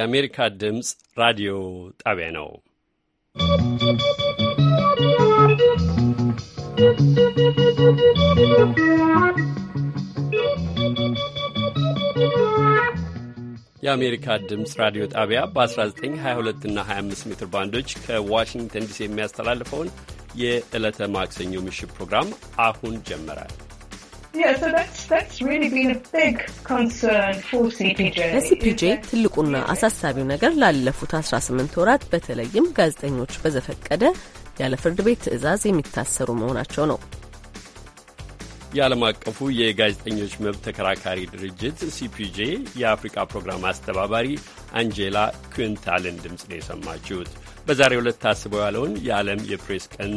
የአሜሪካ ድምፅ ራዲዮ ጣቢያ ነው። የአሜሪካ ድምፅ ራዲዮ ጣቢያ በ1922 እና 25 ሜትር ባንዶች ከዋሽንግተን ዲሲ የሚያስተላልፈውን የዕለተ ማክሰኞ ምሽት ፕሮግራም አሁን ጀመራል። Yeah, ለሲፒጄ ትልቁና አሳሳቢው ነገር ላለፉት 18 ወራት በተለይም ጋዜጠኞች በዘፈቀደ ያለ ፍርድ ቤት ትዕዛዝ የሚታሰሩ መሆናቸው ነው። የዓለም አቀፉ የጋዜጠኞች መብት ተከራካሪ ድርጅት ሲፒጄ የአፍሪካ ፕሮግራም አስተባባሪ አንጄላ ኩንታልን ድምፅ ነው የሰማችሁት። በዛሬ ሁለት ታስበው ያለውን የዓለም የፕሬስ ቀን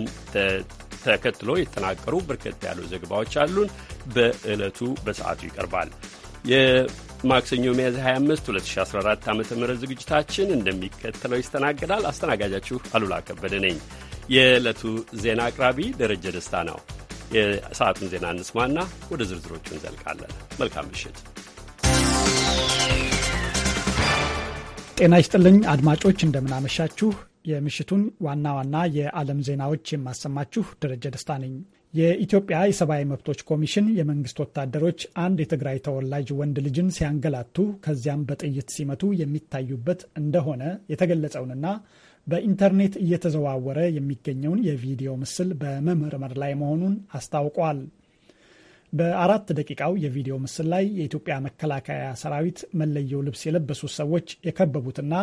ተከትሎ የተናገሩ በርከት ያሉ ዘገባዎች አሉን። በዕለቱ በሰዓቱ ይቀርባል። የማክሰኞ ሚያዝያ 25 2014 ዓ ም ዝግጅታችን እንደሚከተለው ይስተናገዳል። አስተናጋጃችሁ አሉላ ከበደ ነኝ። የዕለቱ ዜና አቅራቢ ደረጀ ደስታ ነው። የሰዓቱን ዜና እንስማና ወደ ዝርዝሮቹ እንዘልቃለን። መልካም ምሽት። ጤና ይስጥልኝ አድማጮች፣ እንደምናመሻችሁ የምሽቱን ዋና ዋና የዓለም ዜናዎች የማሰማችሁ ደረጀ ደስታ ነኝ። የኢትዮጵያ የሰብአዊ መብቶች ኮሚሽን የመንግስት ወታደሮች አንድ የትግራይ ተወላጅ ወንድ ልጅን ሲያንገላቱ ከዚያም በጥይት ሲመቱ የሚታዩበት እንደሆነ የተገለጸውንና በኢንተርኔት እየተዘዋወረ የሚገኘውን የቪዲዮ ምስል በመመርመር ላይ መሆኑን አስታውቋል። በአራት ደቂቃው የቪዲዮ ምስል ላይ የኢትዮጵያ መከላከያ ሰራዊት መለየው ልብስ የለበሱት ሰዎች የከበቡትና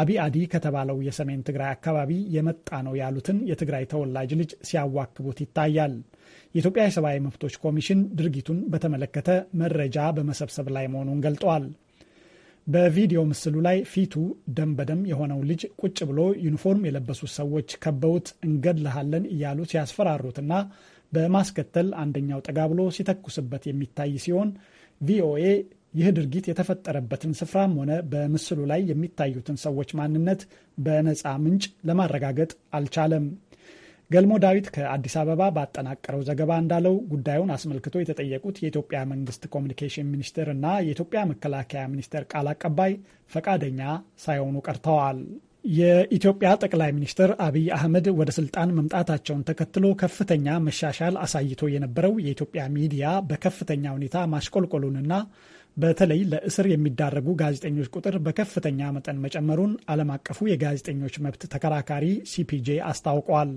አቢአዲ ከተባለው የሰሜን ትግራይ አካባቢ የመጣ ነው ያሉትን የትግራይ ተወላጅ ልጅ ሲያዋክቡት ይታያል። የኢትዮጵያ የሰብአዊ መብቶች ኮሚሽን ድርጊቱን በተመለከተ መረጃ በመሰብሰብ ላይ መሆኑን ገልጠዋል። በቪዲዮ ምስሉ ላይ ፊቱ ደም በደም የሆነው ልጅ ቁጭ ብሎ ዩኒፎርም የለበሱት ሰዎች ከበውት እንገድልሃለን እያሉ ሲያስፈራሩትና በማስከተል አንደኛው ጠጋ ብሎ ሲተኩስበት የሚታይ ሲሆን ቪኦኤ ይህ ድርጊት የተፈጠረበትን ስፍራም ሆነ በምስሉ ላይ የሚታዩትን ሰዎች ማንነት በነፃ ምንጭ ለማረጋገጥ አልቻለም። ገልሞ ዳዊት ከአዲስ አበባ ባጠናቀረው ዘገባ እንዳለው ጉዳዩን አስመልክቶ የተጠየቁት የኢትዮጵያ መንግስት ኮሚኒኬሽን ሚኒስቴር እና የኢትዮጵያ መከላከያ ሚኒስቴር ቃል አቀባይ ፈቃደኛ ሳይሆኑ ቀርተዋል። የኢትዮጵያ ጠቅላይ ሚኒስትር አብይ አህመድ ወደ ስልጣን መምጣታቸውን ተከትሎ ከፍተኛ መሻሻል አሳይቶ የነበረው የኢትዮጵያ ሚዲያ በከፍተኛ ሁኔታ ማሽቆልቆሉንና በተለይ ለእስር የሚዳረጉ ጋዜጠኞች ቁጥር በከፍተኛ መጠን መጨመሩን ዓለም አቀፉ የጋዜጠኞች መብት ተከራካሪ ሲፒጄ አስታውቋል።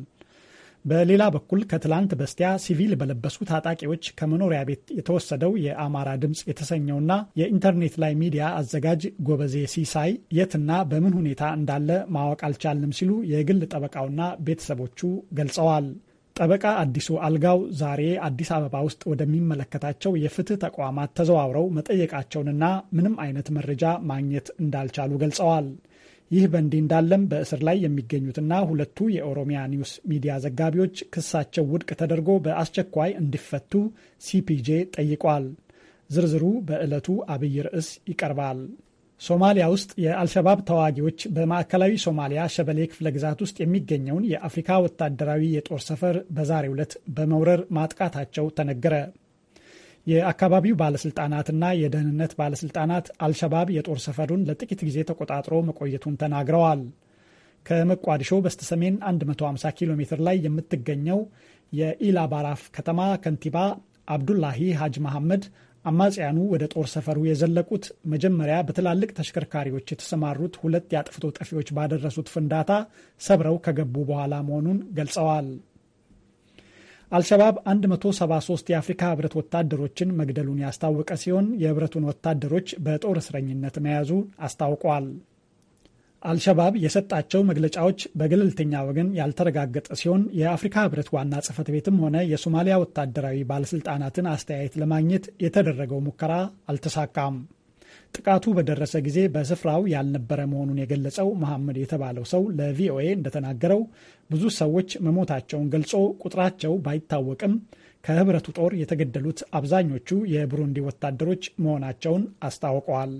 በሌላ በኩል ከትላንት በስቲያ ሲቪል በለበሱ ታጣቂዎች ከመኖሪያ ቤት የተወሰደው የአማራ ድምፅ የተሰኘውና የኢንተርኔት ላይ ሚዲያ አዘጋጅ ጎበዜ ሲሳይ የትና በምን ሁኔታ እንዳለ ማወቅ አልቻልንም ሲሉ የግል ጠበቃውና ቤተሰቦቹ ገልጸዋል። ጠበቃ አዲሱ አልጋው ዛሬ አዲስ አበባ ውስጥ ወደሚመለከታቸው የፍትህ ተቋማት ተዘዋውረው መጠየቃቸውንና ምንም አይነት መረጃ ማግኘት እንዳልቻሉ ገልጸዋል። ይህ በእንዲህ እንዳለም በእስር ላይ የሚገኙትና ሁለቱ የኦሮሚያ ኒውስ ሚዲያ ዘጋቢዎች ክሳቸው ውድቅ ተደርጎ በአስቸኳይ እንዲፈቱ ሲፒጄ ጠይቋል። ዝርዝሩ በዕለቱ አብይ ርዕስ ይቀርባል። ሶማሊያ ውስጥ የአልሸባብ ተዋጊዎች በማዕከላዊ ሶማሊያ ሸበሌ ክፍለ ግዛት ውስጥ የሚገኘውን የአፍሪካ ወታደራዊ የጦር ሰፈር በዛሬው ዕለት በመውረር ማጥቃታቸው ተነገረ። የአካባቢው ባለስልጣናትና የደህንነት ባለስልጣናት አልሸባብ የጦር ሰፈሩን ለጥቂት ጊዜ ተቆጣጥሮ መቆየቱን ተናግረዋል። ከመቋዲሾ በስተሰሜን 150 ኪሎ ሜትር ላይ የምትገኘው የኢላባራፍ ከተማ ከንቲባ አብዱላሂ ሀጅ መሐመድ አማጽያኑ ወደ ጦር ሰፈሩ የዘለቁት መጀመሪያ በትላልቅ ተሽከርካሪዎች የተሰማሩት ሁለት የአጥፍቶ ጠፊዎች ባደረሱት ፍንዳታ ሰብረው ከገቡ በኋላ መሆኑን ገልጸዋል። አልሸባብ 173 የአፍሪካ ህብረት ወታደሮችን መግደሉን ያስታወቀ ሲሆን የህብረቱን ወታደሮች በጦር እስረኝነት መያዙ አስታውቋል። አልሸባብ የሰጣቸው መግለጫዎች በገለልተኛ ወገን ያልተረጋገጠ ሲሆን የአፍሪካ ህብረት ዋና ጽህፈት ቤትም ሆነ የሶማሊያ ወታደራዊ ባለስልጣናትን አስተያየት ለማግኘት የተደረገው ሙከራ አልተሳካም። ጥቃቱ በደረሰ ጊዜ በስፍራው ያልነበረ መሆኑን የገለጸው መሐመድ የተባለው ሰው ለቪኦኤ እንደተናገረው ብዙ ሰዎች መሞታቸውን ገልጾ ቁጥራቸው ባይታወቅም ከህብረቱ ጦር የተገደሉት አብዛኞቹ የብሩንዲ ወታደሮች መሆናቸውን አስታውቀዋል።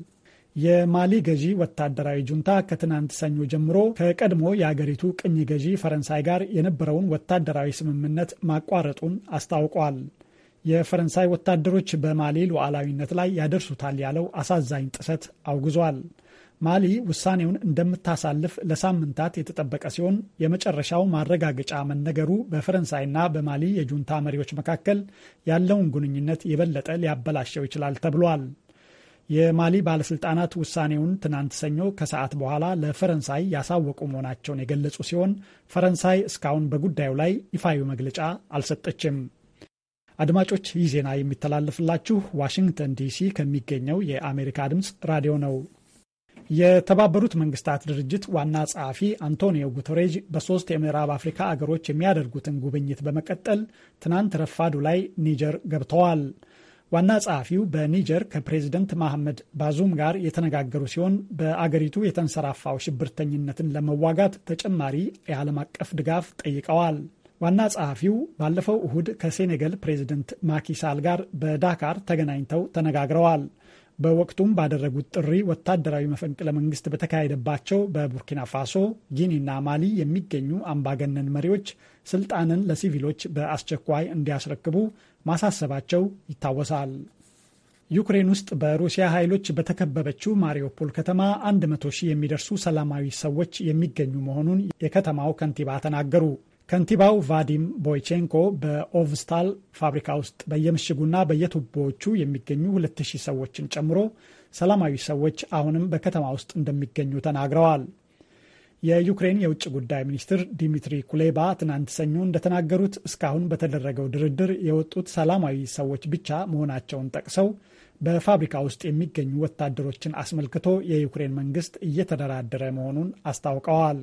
የማሊ ገዢ ወታደራዊ ጁንታ ከትናንት ሰኞ ጀምሮ ከቀድሞ የአገሪቱ ቅኝ ገዢ ፈረንሳይ ጋር የነበረውን ወታደራዊ ስምምነት ማቋረጡን አስታውቋል። የፈረንሳይ ወታደሮች በማሊ ሉዓላዊነት ላይ ያደርሱታል ያለው አሳዛኝ ጥሰት አውግዟል። ማሊ ውሳኔውን እንደምታሳልፍ ለሳምንታት የተጠበቀ ሲሆን የመጨረሻው ማረጋገጫ መነገሩ በፈረንሳይና በማሊ የጁንታ መሪዎች መካከል ያለውን ግንኙነት የበለጠ ሊያበላሸው ይችላል ተብሏል። የማሊ ባለስልጣናት ውሳኔውን ትናንት ሰኞ ከሰዓት በኋላ ለፈረንሳይ ያሳወቁ መሆናቸውን የገለጹ ሲሆን ፈረንሳይ እስካሁን በጉዳዩ ላይ ይፋዊ መግለጫ አልሰጠችም። አድማጮች፣ ይህ ዜና የሚተላለፍላችሁ ዋሽንግተን ዲሲ ከሚገኘው የአሜሪካ ድምፅ ራዲዮ ነው። የተባበሩት መንግስታት ድርጅት ዋና ጸሐፊ አንቶኒዮ ጉተሬዥ በሶስት የምዕራብ አፍሪካ አገሮች የሚያደርጉትን ጉብኝት በመቀጠል ትናንት ረፋዱ ላይ ኒጀር ገብተዋል። ዋና ጸሐፊው በኒጀር ከፕሬዝደንት መሐመድ ባዙም ጋር የተነጋገሩ ሲሆን በአገሪቱ የተንሰራፋው ሽብርተኝነትን ለመዋጋት ተጨማሪ የዓለም አቀፍ ድጋፍ ጠይቀዋል። ዋና ጸሐፊው ባለፈው እሁድ ከሴኔጋል ፕሬዝደንት ማኪሳል ጋር በዳካር ተገናኝተው ተነጋግረዋል። በወቅቱም ባደረጉት ጥሪ ወታደራዊ መፈንቅለ መንግስት በተካሄደባቸው በቡርኪና ፋሶ፣ ጊኒና ማሊ የሚገኙ አምባገነን መሪዎች ስልጣንን ለሲቪሎች በአስቸኳይ እንዲያስረክቡ ማሳሰባቸው ይታወሳል። ዩክሬን ውስጥ በሩሲያ ኃይሎች በተከበበችው ማሪዮፖል ከተማ 100 ሺህ የሚደርሱ ሰላማዊ ሰዎች የሚገኙ መሆኑን የከተማው ከንቲባ ተናገሩ። ከንቲባው ቫዲም ቦይቼንኮ በኦቭስታል ፋብሪካ ውስጥ በየምሽጉና በየቱቦዎቹ የሚገኙ 2000 ሰዎችን ጨምሮ ሰላማዊ ሰዎች አሁንም በከተማ ውስጥ እንደሚገኙ ተናግረዋል። የዩክሬን የውጭ ጉዳይ ሚኒስትር ዲሚትሪ ኩሌባ ትናንት ሰኞ እንደተናገሩት እስካሁን በተደረገው ድርድር የወጡት ሰላማዊ ሰዎች ብቻ መሆናቸውን ጠቅሰው በፋብሪካ ውስጥ የሚገኙ ወታደሮችን አስመልክቶ የዩክሬን መንግስት እየተደራደረ መሆኑን አስታውቀዋል።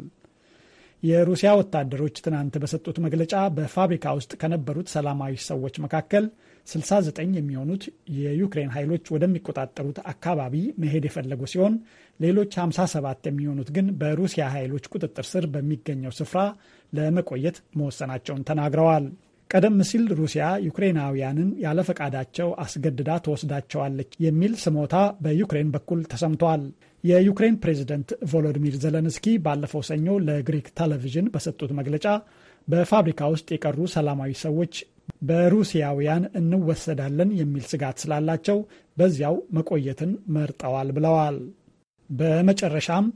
የሩሲያ ወታደሮች ትናንት በሰጡት መግለጫ በፋብሪካ ውስጥ ከነበሩት ሰላማዊ ሰዎች መካከል 69 የሚሆኑት የዩክሬን ኃይሎች ወደሚቆጣጠሩት አካባቢ መሄድ የፈለጉ ሲሆን ሌሎች 57 የሚሆኑት ግን በሩሲያ ኃይሎች ቁጥጥር ስር በሚገኘው ስፍራ ለመቆየት መወሰናቸውን ተናግረዋል። ቀደም ሲል ሩሲያ ዩክሬናውያንን ያለፈቃዳቸው አስገድዳ ትወስዳቸዋለች የሚል ስሞታ በዩክሬን በኩል ተሰምቷል። የዩክሬን ፕሬዝደንት ቮሎዲሚር ዘለንስኪ ባለፈው ሰኞ ለግሪክ ቴሌቪዥን በሰጡት መግለጫ በፋብሪካ ውስጥ የቀሩ ሰላማዊ ሰዎች በሩሲያውያን እንወሰዳለን የሚል ስጋት ስላላቸው በዚያው መቆየትን መርጠዋል ብለዋል። በመጨረሻም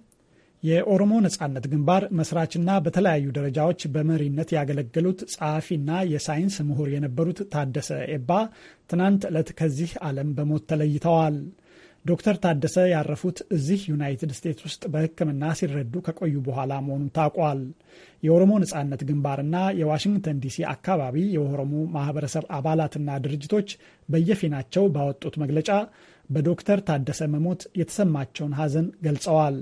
የኦሮሞ ነጻነት ግንባር መስራችና በተለያዩ ደረጃዎች በመሪነት ያገለገሉት ጸሐፊና የሳይንስ ምሁር የነበሩት ታደሰ ኤባ ትናንት ዕለት ከዚህ ዓለም በሞት ተለይተዋል። ዶክተር ታደሰ ያረፉት እዚህ ዩናይትድ ስቴትስ ውስጥ በሕክምና ሲረዱ ከቆዩ በኋላ መሆኑ ታውቋል። የኦሮሞ ነጻነት ግንባርና የዋሽንግተን ዲሲ አካባቢ የኦሮሞ ማህበረሰብ አባላትና ድርጅቶች በየፊናቸው ባወጡት መግለጫ በዶክተር ታደሰ መሞት የተሰማቸውን ሐዘን ገልጸዋል።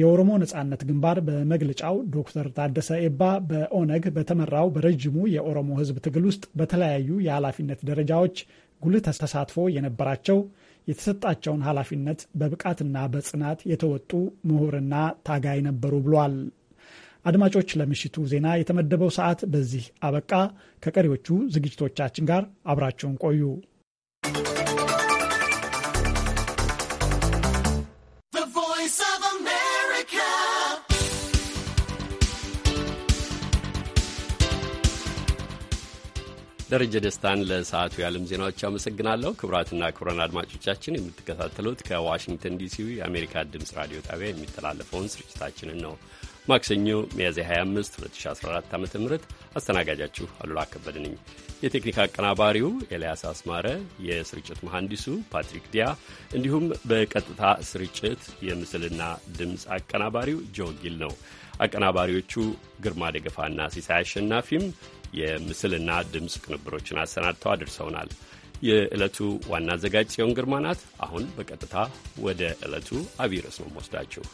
የኦሮሞ ነጻነት ግንባር በመግለጫው ዶክተር ታደሰ ኤባ በኦነግ በተመራው በረዥሙ የኦሮሞ ሕዝብ ትግል ውስጥ በተለያዩ የኃላፊነት ደረጃዎች ጉልህ ተሳትፎ የነበራቸው የተሰጣቸውን ኃላፊነት በብቃትና በጽናት የተወጡ ምሁርና ታጋይ ነበሩ ብሏል። አድማጮች፣ ለምሽቱ ዜና የተመደበው ሰዓት በዚህ አበቃ። ከቀሪዎቹ ዝግጅቶቻችን ጋር አብራችሁን ቆዩ። ደረጀ ደስታን ለሰዓቱ የዓለም ዜናዎች አመሰግናለሁ። ክቡራትና ክቡራን አድማጮቻችን የምትከታተሉት ከዋሽንግተን ዲሲ የአሜሪካ ድምፅ ራዲዮ ጣቢያ የሚተላለፈውን ስርጭታችንን ነው። ማክሰኞ ሚያዝያ 25 2014 ዓ ም አስተናጋጃችሁ አሉላ ከበደ ነኝ። የቴክኒክ አቀናባሪው ኤልያስ አስማረ፣ የስርጭት መሐንዲሱ ፓትሪክ ዲያ እንዲሁም በቀጥታ ስርጭት የምስልና ድምፅ አቀናባሪው ጆ ጊል ነው። አቀናባሪዎቹ ግርማ ደገፋና ሲሳይ አሸናፊም የምስልና ድምፅ ቅንብሮችን አሰናድተው አድርሰውናል። የዕለቱ ዋና አዘጋጅ ጽዮን ግርማ ናት። አሁን በቀጥታ ወደ ዕለቱ አብይ ርዕስ ነው የምወስዳችሁ።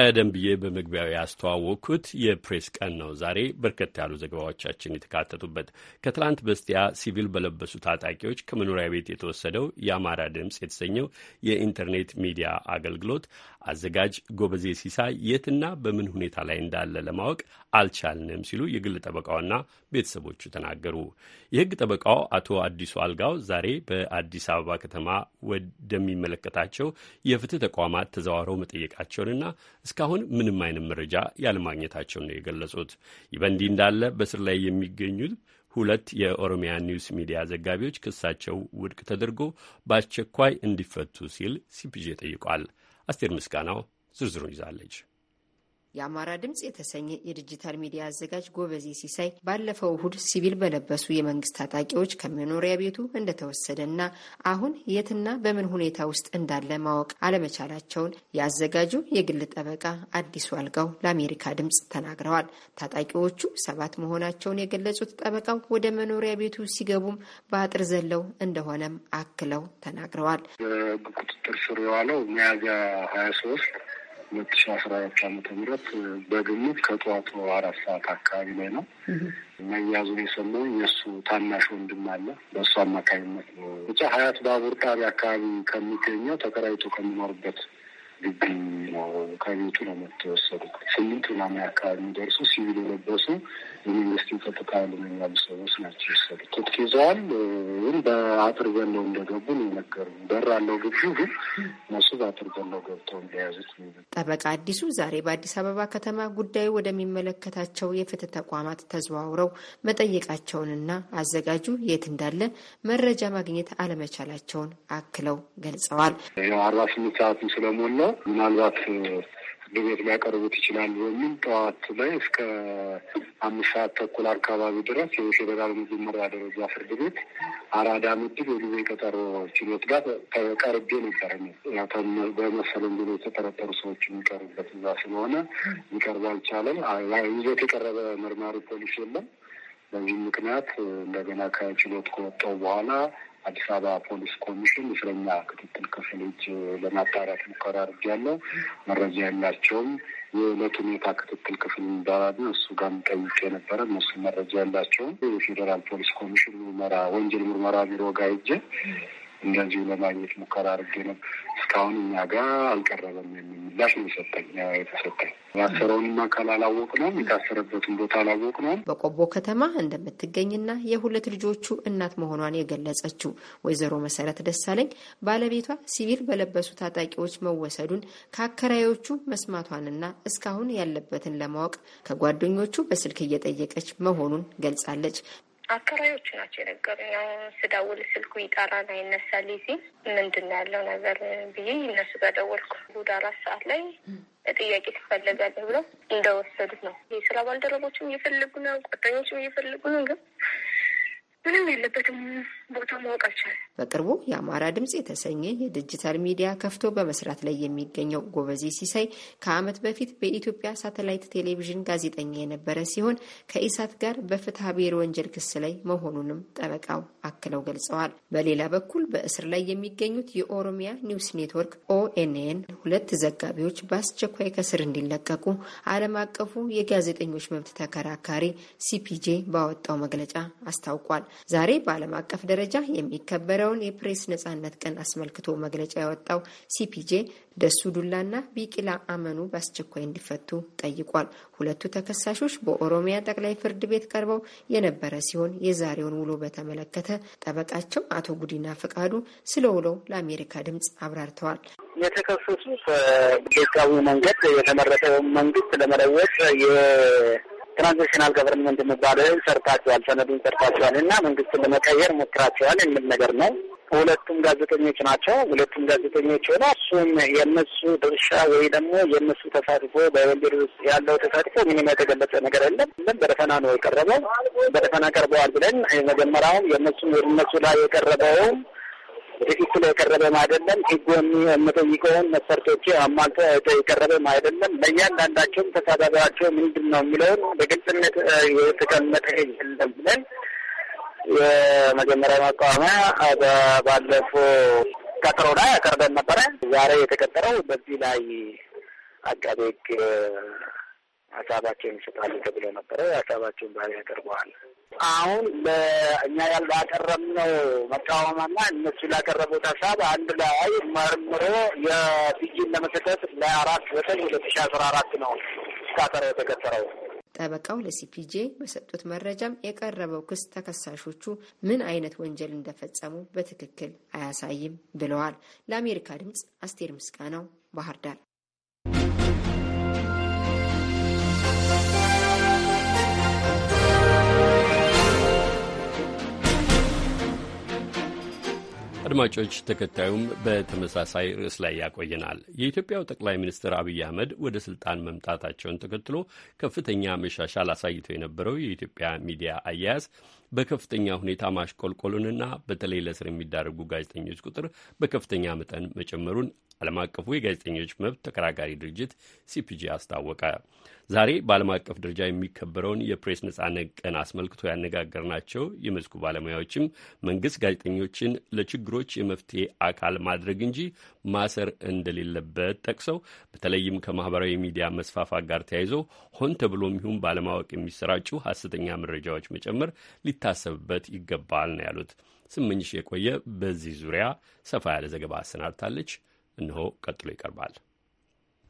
ቀደም ብዬ በመግቢያው ያስተዋወቅኩት የፕሬስ ቀን ነው። ዛሬ በርከት ያሉ ዘገባዎቻችን የተካተቱበት ከትላንት በስቲያ ሲቪል በለበሱ ታጣቂዎች ከመኖሪያ ቤት የተወሰደው የአማራ ድምፅ የተሰኘው የኢንተርኔት ሚዲያ አገልግሎት አዘጋጅ ጎበዜ ሲሳይ የትና በምን ሁኔታ ላይ እንዳለ ለማወቅ አልቻልንም ሲሉ የግል ጠበቃውና ቤተሰቦቹ ተናገሩ። የህግ ጠበቃው አቶ አዲሱ አልጋው ዛሬ በአዲስ አበባ ከተማ ወደሚመለከታቸው የፍትህ ተቋማት ተዘዋውረው መጠየቃቸውንና እስካሁን ምንም አይነት መረጃ ያለማግኘታቸውን ነው የገለጹት። ይህ በእንዲህ እንዳለ በስር ላይ የሚገኙት ሁለት የኦሮሚያ ኒውስ ሚዲያ ዘጋቢዎች ክሳቸው ውድቅ ተደርጎ በአስቸኳይ እንዲፈቱ ሲል ሲፒጄ ጠይቋል። አስቴር ምስጋናው ዝርዝሩን ይዛለች። የአማራ ድምፅ የተሰኘ የዲጂታል ሚዲያ አዘጋጅ ጎበዜ ሲሳይ ባለፈው እሁድ ሲቪል በለበሱ የመንግስት ታጣቂዎች ከመኖሪያ ቤቱ እንደተወሰደና አሁን የትና በምን ሁኔታ ውስጥ እንዳለ ማወቅ አለመቻላቸውን ያዘጋጁ የግል ጠበቃ አዲሱ አልጋው ለአሜሪካ ድምፅ ተናግረዋል። ታጣቂዎቹ ሰባት መሆናቸውን የገለጹት ጠበቃው ወደ መኖሪያ ቤቱ ሲገቡም በአጥር ዘለው እንደሆነም አክለው ተናግረዋል። ቁጥጥር ስር የዋለው ሚያዝያ ሀያ ሶስት ሁለት ሺ አስራ አራት ዓመተ ምህረት በግምት ከጠዋቱ አራት ሰዓት አካባቢ ላይ ነው መያዙን የሰማው የእሱ ታናሽ ወንድም አለ። በእሱ አማካኝነት ነው ብቻ ሀያት ባቡር ጣቢያ አካባቢ ከሚገኘው ተከራይቶ ከሚኖርበት ግቢ ነው ከቤቱ ነው የተወሰዱ። ስምንት ምናምን አካባቢ የሚደርሱ ሲቪል የለበሱ የመንግስትን ጸጥታ ያለመኛሉ ሰዎች ናቸው ይሰሩ ትጥቅ ይዘዋል፣ ግን በአጥር ዘለው እንደገቡ ነው ነገሩ። በር አለው ግቢ፣ ግን እነሱ በአጥር ዘለው ገብተው እንደያዙት። ጠበቃ አዲሱ ዛሬ በአዲስ አበባ ከተማ ጉዳዩ ወደሚመለከታቸው የፍትህ ተቋማት ተዘዋውረው መጠየቃቸውንና አዘጋጁ የት እንዳለ መረጃ ማግኘት አለመቻላቸውን አክለው ገልጸዋል። አርባ ስምንት ሰዓትም ስለሞላው ምናልባት ቤት ሊያቀርቡት ይችላሉ በሚል ጠዋት ላይ እስከ አምስት ሰዓት ተኩል አካባቢ ድረስ የፌዴራል መጀመሪያ ደረጃ ፍርድ ቤት አራዳ ምድብ የጊዜ ቀጠሮ ችሎት ጋር ቀርቤ ነበር። በመሰለ ብሎ የተጠረጠሩ ሰዎች የሚቀርቡበት እዛ ስለሆነ ሊቀርብ አልቻለም። ይዞት የቀረበ መርማሪ ፖሊስ የለም። በዚህ ምክንያት እንደገና ከችሎት ከወጣው በኋላ አዲስ አበባ ፖሊስ ኮሚሽን እስረኛ ክትትል ክፍል እጅ ለማጣራት ሙከራ አድርጌያለሁ። መረጃ ያላቸውም የዕለት ሁኔታ ክትትል ክፍል እንዳላሉ እሱ ጋር ጠይቅ የነበረ እነሱ መረጃ ያላቸውም የፌዴራል ፖሊስ ኮሚሽን ምርመራ ወንጀል ምርመራ ቢሮ ጋር ሄጄ እንደዚሁ ለማግኘት ሙከራ አድርጌ ነው። እስካሁን እኛ ጋር አልቀረበም የሚል ምላሽ ነው የሰጠኝ የተሰጠኝ። የታሰረውንም አካል አላወቅ ነው፣ የታሰረበትን ቦታ አላወቅ ነው። በቆቦ ከተማ እንደምትገኝና የሁለት ልጆቹ እናት መሆኗን የገለጸችው ወይዘሮ መሰረት ደሳለኝ ባለቤቷ ሲቪል በለበሱ ታጣቂዎች መወሰዱን ከአከራዮቹ መስማቷንና እስካሁን ያለበትን ለማወቅ ከጓደኞቹ በስልክ እየጠየቀች መሆኑን ገልጻለች። አከራዮቹ ናቸው የነገሩኝ። አሁን ስደውል ስልኩ ይጠራና ይነሳል ሲል ምንድን ነው ያለው ነገር ብዬ እነሱ ጋር ደወልኩ። እሑድ አራት ሰዓት ላይ ጥያቄ ትፈለጋለህ ብለው እንደወሰዱት ነው። የስራ ባልደረቦችም እየፈለጉ ነው፣ ጓደኞችም እየፈለጉ ነው። ግን ምንም የለበትም ቦታ ማወቅ አልቻለም። በቅርቡ የአማራ ድምጽ የተሰኘ የዲጂታል ሚዲያ ከፍቶ በመስራት ላይ የሚገኘው ጎበዜ ሲሳይ ከዓመት በፊት በኢትዮጵያ ሳተላይት ቴሌቪዥን ጋዜጠኛ የነበረ ሲሆን ከኢሳት ጋር በፍትሐ ብሔር ወንጀል ክስ ላይ መሆኑንም ጠበቃው አክለው ገልጸዋል። በሌላ በኩል በእስር ላይ የሚገኙት የኦሮሚያ ኒውስ ኔትወርክ ኦኤንኤን ሁለት ዘጋቢዎች በአስቸኳይ ከስር እንዲለቀቁ ዓለም አቀፉ የጋዜጠኞች መብት ተከራካሪ ሲፒጄ ባወጣው መግለጫ አስታውቋል። ዛሬ በዓለም አቀፍ ደረጃ የሚከበረውን የፕሬስ ነጻነት ቀን አስመልክቶ መግለጫ ያወጣው ሲፒጄ ደሱ ዱላና ቢቂላ አመኑ በአስቸኳይ እንዲፈቱ ጠይቋል። ሁለቱ ተከሳሾች በኦሮሚያ ጠቅላይ ፍርድ ቤት ቀርበው የነበረ ሲሆን የዛሬውን ውሎ በተመለከተ ጠበቃቸው አቶ ጉዲና ፈቃዱ ስለ ውሎው ለአሜሪካ ድምጽ አብራርተዋል። የተከሰሱት በህጋዊ መንገድ የተመረጠውን መንግስት ለመለወጥ ትራንዚሽናል ገቨርንመንት የሚባለው ሰርታችኋል፣ ሰነዱን ሰርታችኋል እና መንግስትን ለመቀየር ሞክራችኋል የሚል ነገር ነው። ሁለቱም ጋዜጠኞች ናቸው። ሁለቱም ጋዜጠኞች ሆነ እሱም የእነሱ ድርሻ ወይ ደግሞ የእነሱ ተሳትፎ በወንጀል ውስጥ ያለው ተሳትፎ ምንም የተገለጸ ነገር የለም። በደፈና ነው የቀረበው። በደፈና ቀርበዋል ብለን መጀመሪያውም የእነሱ እነሱ ላይ የቀረበውም ትክክል የቀረበም አይደለም። ህጉ የምጠይቀውን መስፈርቶች አሟልቶ የቀረበም አይደለም። ለእያንዳንዳቸውም ተሳዳቢያቸው ምንድን ነው የሚለውን በግልጽነት የተቀመጠ የለም ብለን የመጀመሪያ መቃወሚያ ባለፈው ቀጠሮ ላይ አቀርበን ነበረ። ዛሬ የተቀጠረው በዚህ ላይ አቃቤ ህግ ሀሳባቸውን ይሰጣሉ ተብሎ ነበረ። ሀሳባቸውን ዛሬ ያቀርበዋል። አሁን ለእኛ ያቀረብነው መቃወማና እነሱ ላቀረቡት ሀሳብ አንድ ላይ መርምሮ የብይን ለመስጠት ለአራት ዘጠኝ ሁለት ሺ አስራ አራት ነው ስታጠረ የተቀጠረው። ጠበቃው ለሲፒጄ በሰጡት መረጃም የቀረበው ክስ ተከሳሾቹ ምን አይነት ወንጀል እንደፈጸሙ በትክክል አያሳይም ብለዋል። ለአሜሪካ ድምጽ አስቴር ምስጋናው ባህር ዳር። አድማጮች፣ ተከታዩም በተመሳሳይ ርዕስ ላይ ያቆየናል። የኢትዮጵያው ጠቅላይ ሚኒስትር አብይ አህመድ ወደ ስልጣን መምጣታቸውን ተከትሎ ከፍተኛ መሻሻል አሳይቶ የነበረው የኢትዮጵያ ሚዲያ አያያዝ በከፍተኛ ሁኔታ ማሽቆልቆሉንና በተለይ ለእስር የሚዳረጉ ጋዜጠኞች ቁጥር በከፍተኛ መጠን መጨመሩን ዓለም አቀፉ የጋዜጠኞች መብት ተከራካሪ ድርጅት ሲፒጂ አስታወቀ። ዛሬ በዓለም አቀፍ ደረጃ የሚከበረውን የፕሬስ ነጻነት ቀን አስመልክቶ ያነጋገርናቸው የመስኩ ባለሙያዎችም መንግስት ጋዜጠኞችን ለችግሮች የመፍትሄ አካል ማድረግ እንጂ ማሰር እንደሌለበት ጠቅሰው በተለይም ከማህበራዊ ሚዲያ መስፋፋት ጋር ተያይዞ ሆን ተብሎም ይሁን ባለማወቅ የሚሰራጩ ሀሰተኛ መረጃዎች መጨመር ሊታሰብበት ይገባል ነው ያሉት። ስመኝሽ የቆየ በዚህ ዙሪያ ሰፋ ያለ ዘገባ አሰናድታለች። እነሆ ቀጥሎ ይቀርባል።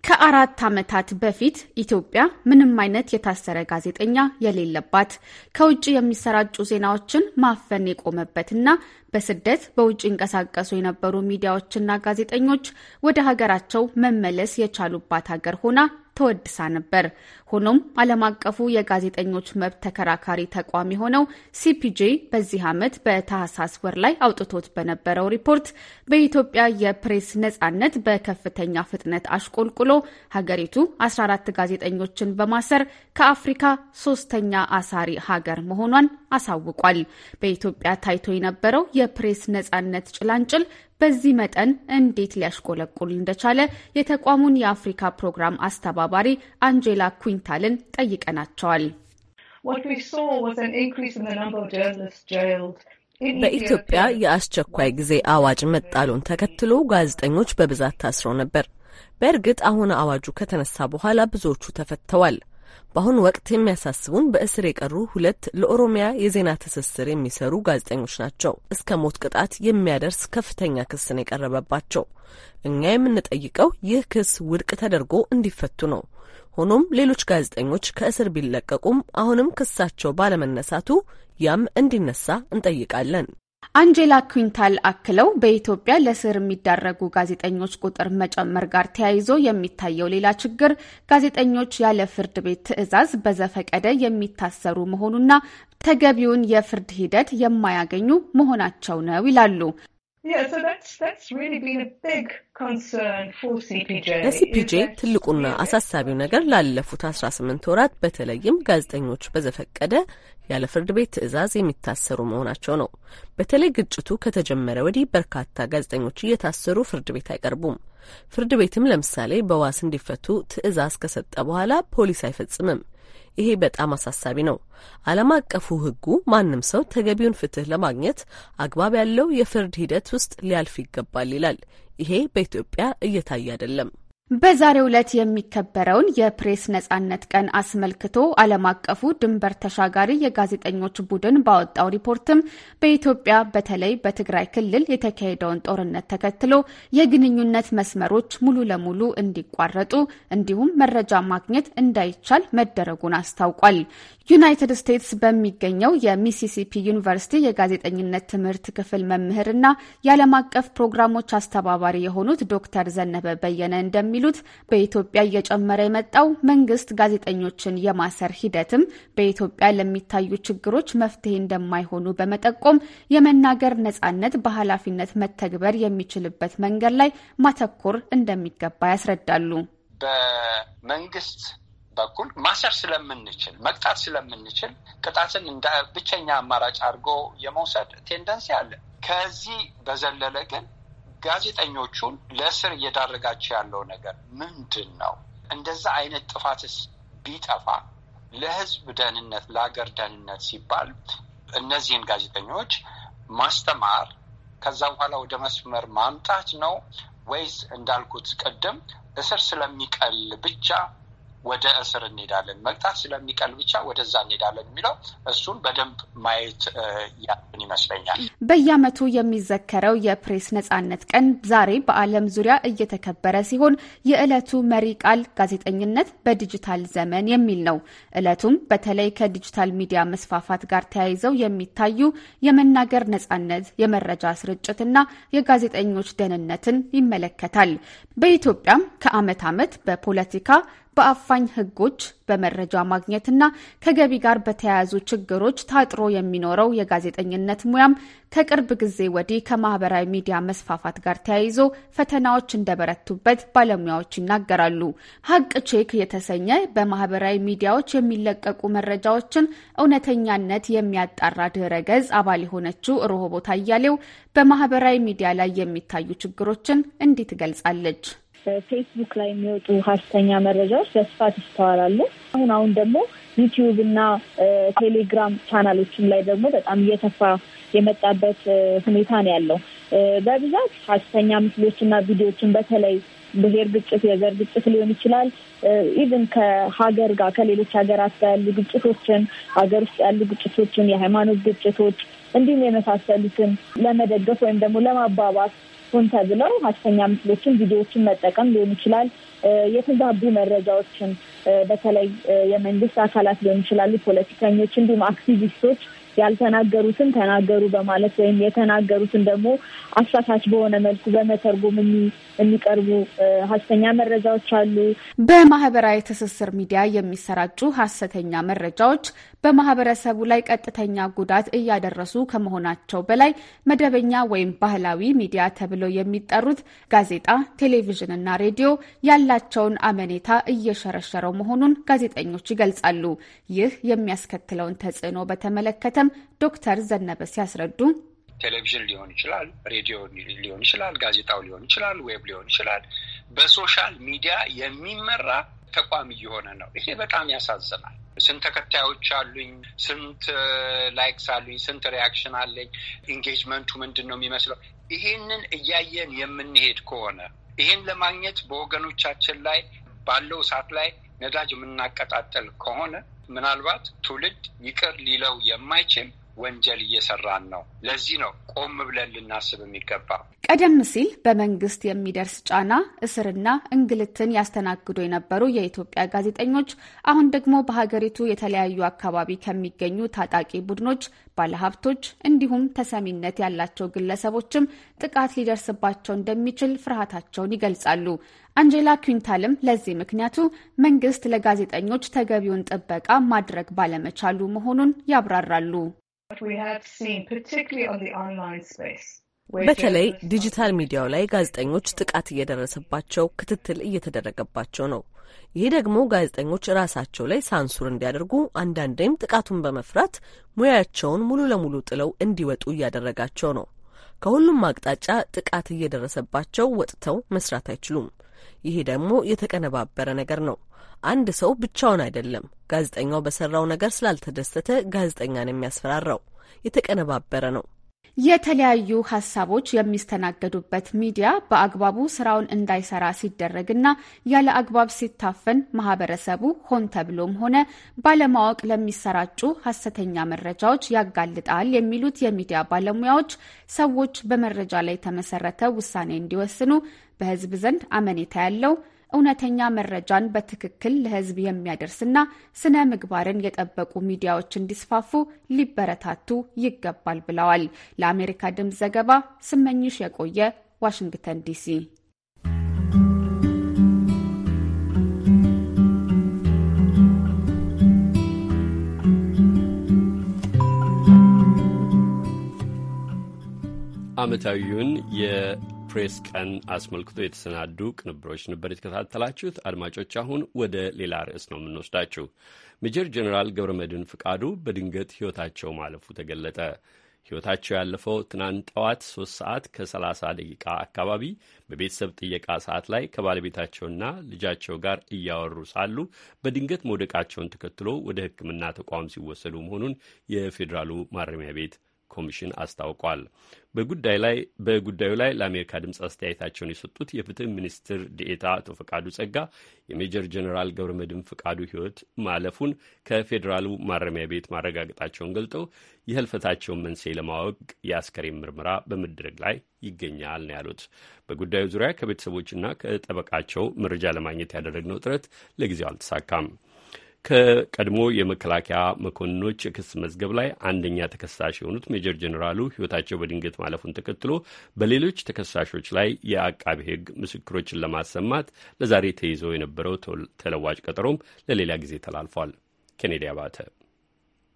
ከአራት ዓመታት በፊት ኢትዮጵያ ምንም አይነት የታሰረ ጋዜጠኛ የሌለባት ከውጭ የሚሰራጩ ዜናዎችን ማፈን የቆመበትና በስደት በውጭ ይንቀሳቀሱ የነበሩ ሚዲያዎችና ጋዜጠኞች ወደ ሀገራቸው መመለስ የቻሉባት ሀገር ሆና ተወድሳ ነበር። ሆኖም ዓለም አቀፉ የጋዜጠኞች መብት ተከራካሪ ተቋም የሆነው ሲፒጄ በዚህ ዓመት በታህሳስ ወር ላይ አውጥቶት በነበረው ሪፖርት በኢትዮጵያ የፕሬስ ነጻነት በከፍተኛ ፍጥነት አሽቆልቁሎ ሀገሪቱ 14 ጋዜጠኞችን በማሰር ከአፍሪካ ሶስተኛ አሳሪ ሀገር መሆኗን አሳውቋል። በኢትዮጵያ ታይቶ የነበረው የፕሬስ ነጻነት ጭላንጭል በዚህ መጠን እንዴት ሊያሽቆለቁል እንደቻለ የተቋሙን የአፍሪካ ፕሮግራም አስተባባሪ አንጄላ ኩንታልን ጠይቀናቸዋል። በኢትዮጵያ የአስቸኳይ ጊዜ አዋጅ መጣሉን ተከትሎ ጋዜጠኞች በብዛት ታስረው ነበር። በእርግጥ አሁን አዋጁ ከተነሳ በኋላ ብዙዎቹ ተፈተዋል። በአሁኑ ወቅት የሚያሳስቡን በእስር የቀሩ ሁለት ለኦሮሚያ የዜና ትስስር የሚሰሩ ጋዜጠኞች ናቸው። እስከ ሞት ቅጣት የሚያደርስ ከፍተኛ ክስ ነው የቀረበባቸው። እኛ የምንጠይቀው ይህ ክስ ውድቅ ተደርጎ እንዲፈቱ ነው። ሆኖም ሌሎች ጋዜጠኞች ከእስር ቢለቀቁም አሁንም ክሳቸው ባለመነሳቱ ያም እንዲነሳ እንጠይቃለን። አንጄላ ኩንታል አክለው በኢትዮጵያ ለስር የሚዳረጉ ጋዜጠኞች ቁጥር መጨመር ጋር ተያይዞ የሚታየው ሌላ ችግር ጋዜጠኞች ያለ ፍርድ ቤት ትዕዛዝ በዘፈቀደ የሚታሰሩ መሆኑና ተገቢውን የፍርድ ሂደት የማያገኙ መሆናቸው ነው ይላሉ። ለሲፒጄ ትልቁና አሳሳቢው ነገር ላለፉት 18 ወራት በተለይም ጋዜጠኞች በዘፈቀደ ያለ ፍርድ ቤት ትዕዛዝ የሚታሰሩ መሆናቸው ነው። በተለይ ግጭቱ ከተጀመረ ወዲህ በርካታ ጋዜጠኞች እየታሰሩ ፍርድ ቤት አይቀርቡም። ፍርድ ቤትም ለምሳሌ በዋስ እንዲፈቱ ትዕዛዝ ከሰጠ በኋላ ፖሊስ አይፈጽምም። ይሄ በጣም አሳሳቢ ነው። ዓለም አቀፉ ሕጉ ማንም ሰው ተገቢውን ፍትህ ለማግኘት አግባብ ያለው የፍርድ ሂደት ውስጥ ሊያልፍ ይገባል ይላል። ይሄ በኢትዮጵያ እየታየ አይደለም። በዛሬው ዕለት የሚከበረውን የፕሬስ ነጻነት ቀን አስመልክቶ ዓለም አቀፉ ድንበር ተሻጋሪ የጋዜጠኞች ቡድን ባወጣው ሪፖርትም በኢትዮጵያ በተለይ በትግራይ ክልል የተካሄደውን ጦርነት ተከትሎ የግንኙነት መስመሮች ሙሉ ለሙሉ እንዲቋረጡ እንዲሁም መረጃ ማግኘት እንዳይቻል መደረጉን አስታውቋል። ዩናይትድ ስቴትስ በሚገኘው የሚሲሲፒ ዩኒቨርሲቲ የጋዜጠኝነት ትምህርት ክፍል መምህርና የዓለም አቀፍ ፕሮግራሞች አስተባባሪ የሆኑት ዶክተር ዘነበ በየነ እንደሚ እንደሚሉት በኢትዮጵያ እየጨመረ የመጣው መንግስት ጋዜጠኞችን የማሰር ሂደትም በኢትዮጵያ ለሚታዩ ችግሮች መፍትሄ እንደማይሆኑ በመጠቆም የመናገር ነጻነት በኃላፊነት መተግበር የሚችልበት መንገድ ላይ ማተኮር እንደሚገባ ያስረዳሉ። በመንግስት በኩል ማሰር ስለምንችል መቅጣት ስለምንችል ቅጣትን እንደ ብቸኛ አማራጭ አድርጎ የመውሰድ ቴንደንሲ አለ። ከዚህ በዘለለ ግን ጋዜጠኞቹን ለእስር እየዳረጋቸው ያለው ነገር ምንድን ነው? እንደዛ አይነት ጥፋትስ ቢጠፋ ለህዝብ ደህንነት፣ ለሀገር ደህንነት ሲባል እነዚህን ጋዜጠኞች ማስተማር ከዛ በኋላ ወደ መስመር ማምጣት ነው ወይስ እንዳልኩት ቅድም እስር ስለሚቀል ብቻ ወደ እስር እንሄዳለን፣ መቅጣት ስለሚቀል ብቻ ወደዛ እንሄዳለን የሚለው እሱን በደንብ ማየት ያሉን ይመስለኛል። በየዓመቱ የሚዘከረው የፕሬስ ነጻነት ቀን ዛሬ በዓለም ዙሪያ እየተከበረ ሲሆን የዕለቱ መሪ ቃል ጋዜጠኝነት በዲጂታል ዘመን የሚል ነው። ዕለቱም በተለይ ከዲጂታል ሚዲያ መስፋፋት ጋር ተያይዘው የሚታዩ የመናገር ነጻነት፣ የመረጃ ስርጭትና የጋዜጠኞች ደህንነትን ይመለከታል። በኢትዮጵያም ከዓመት ዓመት በፖለቲካ በአፋኝ ህጎች በመረጃ ማግኘትና ከገቢ ጋር በተያያዙ ችግሮች ታጥሮ የሚኖረው የጋዜጠኝነት ሙያም ከቅርብ ጊዜ ወዲህ ከማህበራዊ ሚዲያ መስፋፋት ጋር ተያይዞ ፈተናዎች እንደበረቱበት ባለሙያዎች ይናገራሉ። ሀቅ ቼክ የተሰኘ በማህበራዊ ሚዲያዎች የሚለቀቁ መረጃዎችን እውነተኛነት የሚያጣራ ድረ ገጽ አባል የሆነችው ሮሆቦት አያሌው በማህበራዊ ሚዲያ ላይ የሚታዩ ችግሮችን እንዲህ ትገልጻለች። ፌስቡክ ላይ የሚወጡ ሀሰተኛ መረጃዎች በስፋት ይስተዋላሉ። አሁን አሁን ደግሞ ዩቲዩብ እና ቴሌግራም ቻናሎችም ላይ ደግሞ በጣም እየተፋ የመጣበት ሁኔታ ነው ያለው። በብዛት ሀሰተኛ ምስሎች እና ቪዲዮዎችን በተለይ ብሔር ግጭት፣ የዘር ግጭት ሊሆን ይችላል። ኢቭን ከሀገር ጋር ከሌሎች ሀገራት ጋር ያሉ ግጭቶችን፣ ሀገር ውስጥ ያሉ ግጭቶችን፣ የሃይማኖት ግጭቶች እንዲሁም የመሳሰሉትን ለመደገፍ ወይም ደግሞ ለማባባት። ሆን ተብለው ሀሰተኛ ምስሎችን፣ ቪዲዮዎችን መጠቀም ሊሆን ይችላል። የተዛቡ መረጃዎችን በተለይ የመንግስት አካላት ሊሆን ይችላሉ፣ ፖለቲከኞች፣ እንዲሁም አክቲቪስቶች ያልተናገሩትን ተናገሩ በማለት ወይም የተናገሩትን ደግሞ አሳሳች በሆነ መልኩ በመተርጎም የሚቀርቡ ሀሰተኛ መረጃዎች አሉ። በማህበራዊ ትስስር ሚዲያ የሚሰራጩ ሀሰተኛ መረጃዎች በማህበረሰቡ ላይ ቀጥተኛ ጉዳት እያደረሱ ከመሆናቸው በላይ መደበኛ ወይም ባህላዊ ሚዲያ ተብለው የሚጠሩት ጋዜጣ፣ ቴሌቪዥንና ሬዲዮ ያላቸውን አመኔታ እየሸረሸረው መሆኑን ጋዜጠኞች ይገልጻሉ። ይህ የሚያስከትለውን ተጽዕኖ በተመለከተ እንደሚጠቀም ዶክተር ዘነበ ሲያስረዱ ቴሌቪዥን ሊሆን ይችላል፣ ሬዲዮ ሊሆን ይችላል፣ ጋዜጣው ሊሆን ይችላል፣ ዌብ ሊሆን ይችላል። በሶሻል ሚዲያ የሚመራ ተቋም እየሆነ ነው። ይሄ በጣም ያሳዝናል። ስንት ተከታዮች አሉኝ፣ ስንት ላይክስ uh, አሉኝ፣ ስንት ሪያክሽን አለኝ፣ ኢንጌጅመንቱ ምንድን ነው የሚመስለው? ይሄንን እያየን የምንሄድ ከሆነ ይሄን ለማግኘት በወገኖቻችን ላይ ባለው እሳት ላይ ነዳጅ የምናቀጣጠል ከሆነ ምናልባት ትውልድ ይቅር ሊለው የማይችል ወንጀል እየሰራን ነው። ለዚህ ነው ቆም ብለን ልናስብ የሚገባ። ቀደም ሲል በመንግስት የሚደርስ ጫና እስርና እንግልትን ያስተናግዱ የነበሩ የኢትዮጵያ ጋዜጠኞች አሁን ደግሞ በሀገሪቱ የተለያዩ አካባቢ ከሚገኙ ታጣቂ ቡድኖች፣ ባለሀብቶች እንዲሁም ተሰሚነት ያላቸው ግለሰቦችም ጥቃት ሊደርስባቸው እንደሚችል ፍርሃታቸውን ይገልጻሉ። አንጀላ ኩንታልም ለዚህ ምክንያቱ መንግስት ለጋዜጠኞች ተገቢውን ጥበቃ ማድረግ ባለመቻሉ መሆኑን ያብራራሉ። በተለይ ዲጂታል ሚዲያው ላይ ጋዜጠኞች ጥቃት እየደረሰባቸው ክትትል እየተደረገባቸው ነው። ይህ ደግሞ ጋዜጠኞች ራሳቸው ላይ ሳንሱር እንዲያደርጉ አንዳንዴም ጥቃቱን በመፍራት ሙያቸውን ሙሉ ለሙሉ ጥለው እንዲወጡ እያደረጋቸው ነው። ከሁሉም አቅጣጫ ጥቃት እየደረሰባቸው ወጥተው መስራት አይችሉም። ይሄ ደግሞ የተቀነባበረ ነገር ነው። አንድ ሰው ብቻውን አይደለም። ጋዜጠኛው በሰራው ነገር ስላልተደሰተ ጋዜጠኛን የሚያስፈራራው የተቀነባበረ ነው። የተለያዩ ሀሳቦች የሚስተናገዱበት ሚዲያ በአግባቡ ስራውን እንዳይሰራ ሲደረግና ያለ አግባብ ሲታፈን ማህበረሰቡ ሆን ተብሎም ሆነ ባለማወቅ ለሚሰራጩ ሀሰተኛ መረጃዎች ያጋልጣል የሚሉት የሚዲያ ባለሙያዎች ሰዎች በመረጃ ላይ የተመሰረተ ውሳኔ እንዲወስኑ በህዝብ ዘንድ አመኔታ ያለው እውነተኛ መረጃን በትክክል ለህዝብ የሚያደርስና ስነ ምግባርን የጠበቁ ሚዲያዎች እንዲስፋፉ ሊበረታቱ ይገባል ብለዋል። ለአሜሪካ ድምፅ ዘገባ ስመኝሽ የቆየ ዋሽንግተን ዲሲ። ዓመታዊውን ፕሬስ ቀን አስመልክቶ የተሰናዱ ቅንብሮች ነበር የተከታተላችሁት። አድማጮች፣ አሁን ወደ ሌላ ርዕስ ነው የምንወስዳችሁ። ሜጀር ጀኔራል ገብረመድህን ፍቃዱ በድንገት ሕይወታቸው ማለፉ ተገለጠ። ሕይወታቸው ያለፈው ትናንት ጠዋት ሶስት ሰዓት ከ30 ደቂቃ አካባቢ በቤተሰብ ጥየቃ ሰዓት ላይ ከባለቤታቸውና ልጃቸው ጋር እያወሩ ሳሉ በድንገት መውደቃቸውን ተከትሎ ወደ ሕክምና ተቋም ሲወሰዱ መሆኑን የፌዴራሉ ማረሚያ ቤት ኮሚሽን አስታውቋል። በጉዳይ ላይ በጉዳዩ ላይ ለአሜሪካ ድምፅ አስተያየታቸውን የሰጡት የፍትህ ሚኒስትር ዴኤታ አቶ ፈቃዱ ጸጋ የሜጀር ጀኔራል መድን ፈቃዱ ህይወት ማለፉን ከፌዴራሉ ማረሚያ ቤት ማረጋገጣቸውን ገልጠው የህልፈታቸውን መንስኤ ለማወቅ የአስከሬን ምርመራ በመደረግ ላይ ይገኛል ነው ያሉት። በጉዳዩ ዙሪያ ከቤተሰቦችና ከጠበቃቸው መረጃ ለማግኘት ያደረግነው ጥረት ለጊዜው አልተሳካም። ከቀድሞ የመከላከያ መኮንኖች የክስ መዝገብ ላይ አንደኛ ተከሳሽ የሆኑት ሜጀር ጀኔራሉ ሕይወታቸው በድንገት ማለፉን ተከትሎ በሌሎች ተከሳሾች ላይ የአቃቢ ሕግ ምስክሮችን ለማሰማት ለዛሬ ተይዞ የነበረው ተለዋጭ ቀጠሮም ለሌላ ጊዜ ተላልፏል። ኬኔዲ አባተ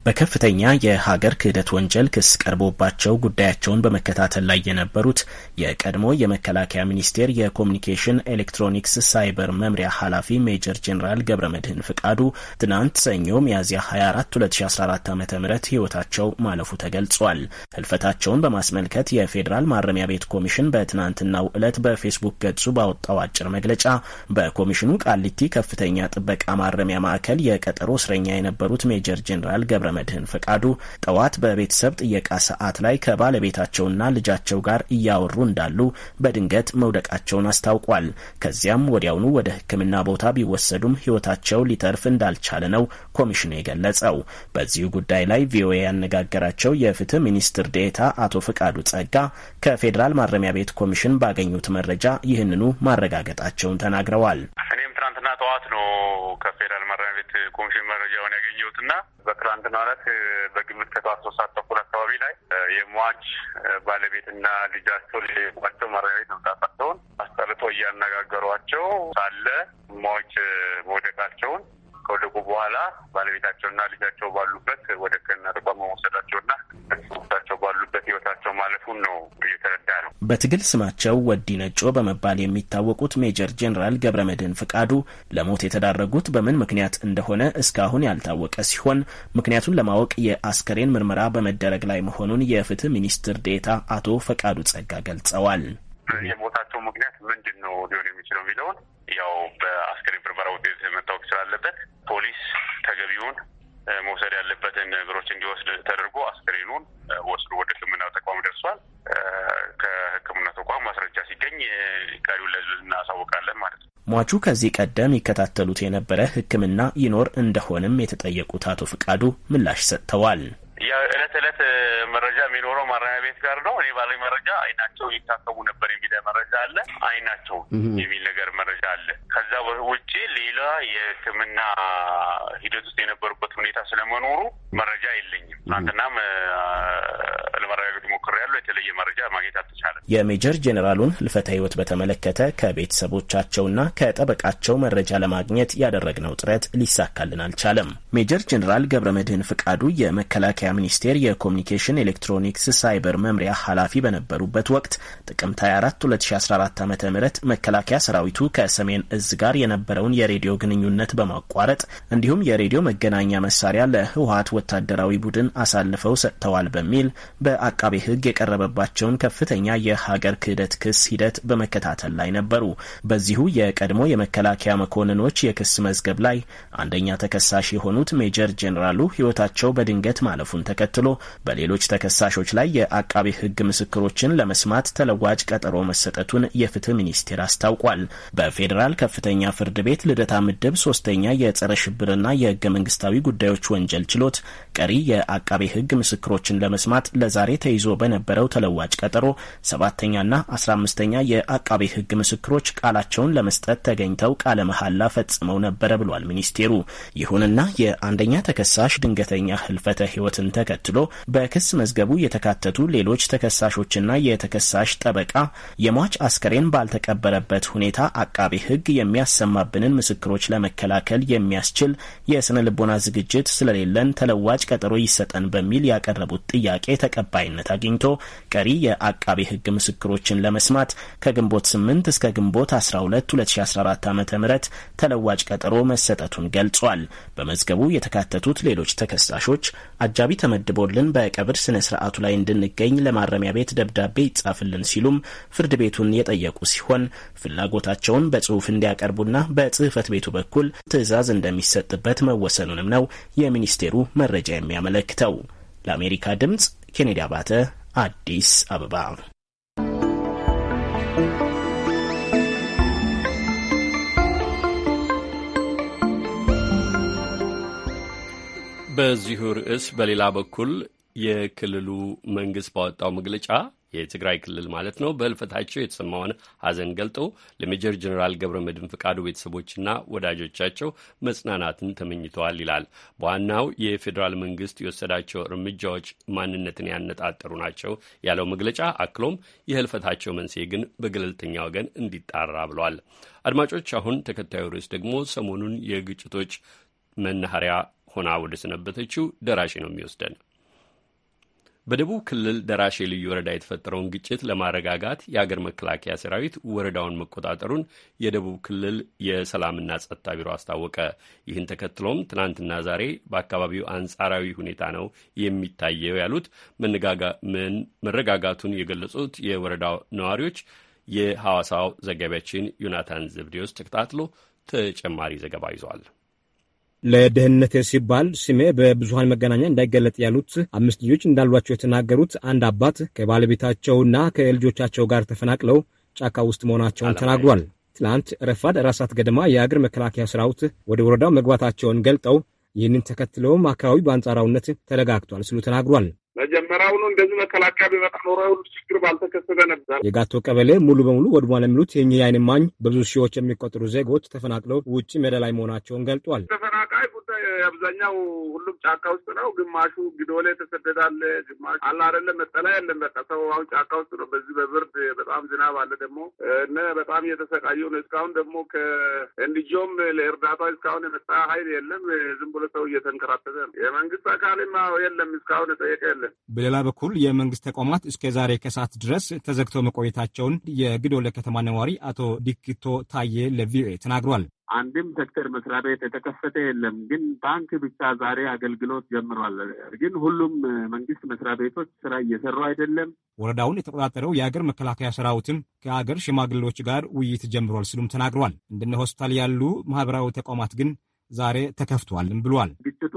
በከፍተኛ የሀገር ክህደት ወንጀል ክስ ቀርቦባቸው ጉዳያቸውን በመከታተል ላይ የነበሩት የቀድሞ የመከላከያ ሚኒስቴር የኮሚኒኬሽን ኤሌክትሮኒክስ ሳይበር መምሪያ ኃላፊ ሜጀር ጄኔራል ገብረ መድህን ፍቃዱ ትናንት ሰኞ ሚያዝያ 24 2014 ዓ ም ህይወታቸው ማለፉ ተገልጿል። ህልፈታቸውን በማስመልከት የፌዴራል ማረሚያ ቤት ኮሚሽን በትናንትናው ዕለት በፌስቡክ ገጹ ባወጣው አጭር መግለጫ በኮሚሽኑ ቃሊቲ ከፍተኛ ጥበቃ ማረሚያ ማዕከል የቀጠሮ እስረኛ የነበሩት ሜጀር ጄኔራል ገብረ ገብረመድህን ፈቃዱ ጠዋት በቤተሰብ ጥየቃ ሰዓት ላይ ከባለቤታቸውና ልጃቸው ጋር እያወሩ እንዳሉ በድንገት መውደቃቸውን አስታውቋል። ከዚያም ወዲያውኑ ወደ ሕክምና ቦታ ቢወሰዱም ሕይወታቸው ሊተርፍ እንዳልቻለ ነው ኮሚሽኑ የገለጸው። በዚሁ ጉዳይ ላይ ቪኦኤ ያነጋገራቸው የፍትህ ሚኒስትር ዴኤታ አቶ ፍቃዱ ጸጋ ከፌዴራል ማረሚያ ቤት ኮሚሽን ባገኙት መረጃ ይህንኑ ማረጋገጣቸውን ተናግረዋል። ትናንትና ጠዋት ነው ከፌዴራል ማረሚያ ቤት ኮሚሽን መረጃውን ያገኘሁት እና በትናንትና ዕለት በግምት ከጠዋት ሶስት ሰዓት ተኩል አካባቢ ላይ የሟች ባለቤትና ልጃቸው ሌቋቸው ማረሚያ ቤት መምጣታቸውን አስጠርቶ እያነጋገሯቸው ሳለ ሟች መውደቃቸውን ከወደቁ በኋላ ባለቤታቸውና ልጃቸው ባሉበት ወደ ከነ አርባ መወሰዳቸውና ሳቸው ባሉበት ህይወታቸው ማለፉን ነው እየተረዳ ነው። በትግል ስማቸው ወዲ ነጮ በመባል የሚታወቁት ሜጀር ጄኔራል ገብረ መድህን ፍቃዱ ለሞት የተዳረጉት በምን ምክንያት እንደሆነ እስካሁን ያልታወቀ ሲሆን ምክንያቱን ለማወቅ የአስከሬን ምርመራ በመደረግ ላይ መሆኑን የፍትህ ሚኒስትር ዴታ አቶ ፈቃዱ ጸጋ ገልጸዋል። የሞታቸው ምክንያት ምንድን ነው ሊሆን የሚችለው የሚለውን ያው በአስክሬን ብርበራ ውጤት መታወቅ ስላለበት ፖሊስ ተገቢውን መውሰድ ያለበትን ነገሮች እንዲወስድ ተደርጎ አስክሬኑን ወስዶ ወደ ሕክምና ተቋም ደርሷል። ከሕክምና ተቋም ማስረጃ ሲገኝ ቀሪውን ለሕዝብ እናሳውቃለን ማለት ነው። ሟቹ ከዚህ ቀደም ይከታተሉት የነበረ ሕክምና ይኖር እንደሆንም የተጠየቁት አቶ ፍቃዱ ምላሽ ሰጥተዋል። የእለት ዕለት መረጃ የሚኖረው ማረሚያ ቤት ጋር ነው። እኔ ባለኝ መረጃ አይናቸው ይታከሙ ነበር የሚል መረጃ አለ። አይናቸው የሚል ነገር መረጃ አለ። ከዛ ውጭ ሌላ የሕክምና ሂደት ውስጥ የነበሩበት ሁኔታ ስለመኖሩ መረጃ የለኝም። ትናንትናም ለማረጋገጥ ሞክሬያለሁ። የተለየ መረጃ ማግኘት አልተቻለም። የሜጀር ጄኔራሉን ህልፈተ ህይወት በተመለከተ ከቤተሰቦቻቸውና ከጠበቃቸው መረጃ ለማግኘት ያደረግነው ጥረት ሊሳካልን አልቻለም። ሜጀር ጄኔራል ገብረ መድህን ፍቃዱ የመከላከያ መከላከያ ሚኒስቴር የኮሚኒኬሽን ኤሌክትሮኒክስ ሳይበር መምሪያ ኃላፊ በነበሩበት ወቅት ጥቅምት 24 2014 ዓ ም መከላከያ ሰራዊቱ ከሰሜን እዝ ጋር የነበረውን የሬዲዮ ግንኙነት በማቋረጥ እንዲሁም የሬዲዮ መገናኛ መሳሪያ ለህወሀት ወታደራዊ ቡድን አሳልፈው ሰጥተዋል በሚል በአቃቤ ህግ የቀረበባቸውን ከፍተኛ የሀገር ክህደት ክስ ሂደት በመከታተል ላይ ነበሩ። በዚሁ የቀድሞ የመከላከያ መኮንኖች የክስ መዝገብ ላይ አንደኛ ተከሳሽ የሆኑት ሜጀር ጄኔራሉ ህይወታቸው በድንገት ማለፉን መሰጠቱን ተከትሎ በሌሎች ተከሳሾች ላይ የአቃቤ ሕግ ምስክሮችን ለመስማት ተለዋጭ ቀጠሮ መሰጠቱን የፍትህ ሚኒስቴር አስታውቋል። በፌዴራል ከፍተኛ ፍርድ ቤት ልደታ ምድብ ሶስተኛ የጸረ ሽብርና የህገ መንግስታዊ ጉዳዮች ወንጀል ችሎት ቀሪ የአቃቤ ሕግ ምስክሮችን ለመስማት ለዛሬ ተይዞ በነበረው ተለዋጭ ቀጠሮ ሰባተኛና አስራ አምስተኛ የአቃቤ ሕግ ምስክሮች ቃላቸውን ለመስጠት ተገኝተው ቃለ መሐላ ፈጽመው ነበረ ብሏል ሚኒስቴሩ። ይሁንና የአንደኛ ተከሳሽ ድንገተኛ ህልፈተ ህይወትን ተከትሎ በክስ መዝገቡ የተካተቱ ሌሎች ተከሳሾችና የተከሳሽ ጠበቃ የሟች አስከሬን ባልተቀበረበት ሁኔታ አቃቤ ሕግ የሚያሰማብንን ምስክሮች ለመከላከል የሚያስችል የስነ ልቦና ዝግጅት ስለሌለን ተለዋጭ ተለዋጭ ቀጠሮ ይሰጠን በሚል ያቀረቡት ጥያቄ ተቀባይነት አግኝቶ ቀሪ የአቃቤ ሕግ ምስክሮችን ለመስማት ከግንቦት 8 እስከ ግንቦት 12 2014 ዓ ም ተለዋጭ ቀጠሮ መሰጠቱን ገልጿል። በመዝገቡ የተካተቱት ሌሎች ተከሳሾች አጃቢ ተመድቦልን በቀብር ስነ ስርዓቱ ላይ እንድንገኝ ለማረሚያ ቤት ደብዳቤ ይጻፍልን ሲሉም ፍርድ ቤቱን የጠየቁ ሲሆን ፍላጎታቸውን በጽሁፍ እንዲያቀርቡና በጽህፈት ቤቱ በኩል ትዕዛዝ እንደሚሰጥበት መወሰኑንም ነው የሚኒስቴሩ መረጃ የሚያመለክተው። ለአሜሪካ ድምፅ ኬኔዲ አባተ አዲስ አበባ። በዚሁ ርዕስ በሌላ በኩል የክልሉ መንግስት ባወጣው መግለጫ የትግራይ ክልል ማለት ነው በህልፈታቸው የተሰማውን ሐዘን ገልጦ ለሜጀር ጀኔራል ገብረ መድን ፍቃዱ ቤተሰቦችና ወዳጆቻቸው መጽናናትን ተመኝተዋል ይላል። በዋናው የፌዴራል መንግስት የወሰዳቸው እርምጃዎች ማንነትን ያነጣጠሩ ናቸው ያለው መግለጫ አክሎም የህልፈታቸው መንስኤ ግን በገለልተኛ ወገን እንዲጣራ ብሏል። አድማጮች፣ አሁን ተከታዩ ርዕስ ደግሞ ሰሞኑን የግጭቶች መናኸሪያ ሆና ወደ ሰነበተችው ደራሼ ነው የሚወስደን። በደቡብ ክልል ደራሼ ልዩ ወረዳ የተፈጠረውን ግጭት ለማረጋጋት የአገር መከላከያ ሰራዊት ወረዳውን መቆጣጠሩን የደቡብ ክልል የሰላምና ጸጥታ ቢሮ አስታወቀ። ይህን ተከትሎም ትናንትና ዛሬ በአካባቢው አንጻራዊ ሁኔታ ነው የሚታየው ያሉት መረጋጋቱን የገለጹት የወረዳው ነዋሪዎች የሐዋሳው ዘጋቢያችን ዮናታን ዘብዴዎስ ተከታትሎ ተጨማሪ ዘገባ ይዟል። ለደህንነት ሲባል ስሜ በብዙሀን መገናኛ እንዳይገለጥ ያሉት አምስት ልጆች እንዳሏቸው የተናገሩት አንድ አባት ከባለቤታቸውና ከልጆቻቸው ጋር ተፈናቅለው ጫካ ውስጥ መሆናቸውን ተናግሯል። ትላንት ረፋድ ራሳት ገደማ የአገር መከላከያ ሰራዊት ወደ ወረዳው መግባታቸውን ገልጠው ይህንን ተከትለውም አካባቢ በአንጻራዊነት ተረጋግቷል ሲሉ ተናግሯል። መጀመሪያውኑ እንደዚህ መከላከያ ቢመጣ ኖሮ ችግር ባልተከሰተ ነበር። የጋቶ ቀበሌ ሙሉ በሙሉ ወድሟል የሚሉት የእኚህ አይን እማኝ በብዙ ሺዎች የሚቆጠሩ ዜጎች ተፈናቅለው ውጭ ሜዳ ላይ መሆናቸውን ገልጧል። ተፈናቃይ ጉዳይ አብዛኛው ሁሉም ጫካ ውስጥ ነው። ግማሹ ግዶሌ ተሰደዳለ፣ ግማሹ አለ አደለም፣ መጠለያ የለም። በቃ ሰው አሁን ጫካ ውስጥ ነው። በዚህ በብርድ በጣም ዝናብ አለ ደግሞ እነ በጣም እየተሰቃዩ ነው። እስካሁን ደግሞ ከእንድጆም ለእርዳታ እስካሁን የመጣ ሀይል የለም። ዝም ብሎ ሰው እየተንከራተተ ነው። የመንግስት አካልም የለም እስካሁን የጠየቀ የለም። በሌላ በኩል የመንግስት ተቋማት እስከ ዛሬ ከሰዓት ድረስ ተዘግቶ መቆየታቸውን የግዶለ ከተማ ነዋሪ አቶ ዲክቶ ታዬ ለቪኦኤ ተናግሯል። አንድም ሴክተር መስሪያ ቤት የተከፈተ የለም፣ ግን ባንክ ብቻ ዛሬ አገልግሎት ጀምሯል። ግን ሁሉም መንግስት መስሪያ ቤቶች ስራ እየሰሩ አይደለም። ወረዳውን የተቆጣጠረው የአገር መከላከያ ሰራዊትም ከአገር ሽማግሌዎች ጋር ውይይት ጀምሯል ሲሉም ተናግሯል። እንደነ ሆስፒታል ያሉ ማህበራዊ ተቋማት ግን ዛሬ ተከፍቷልም ብሏል። ግጭቱ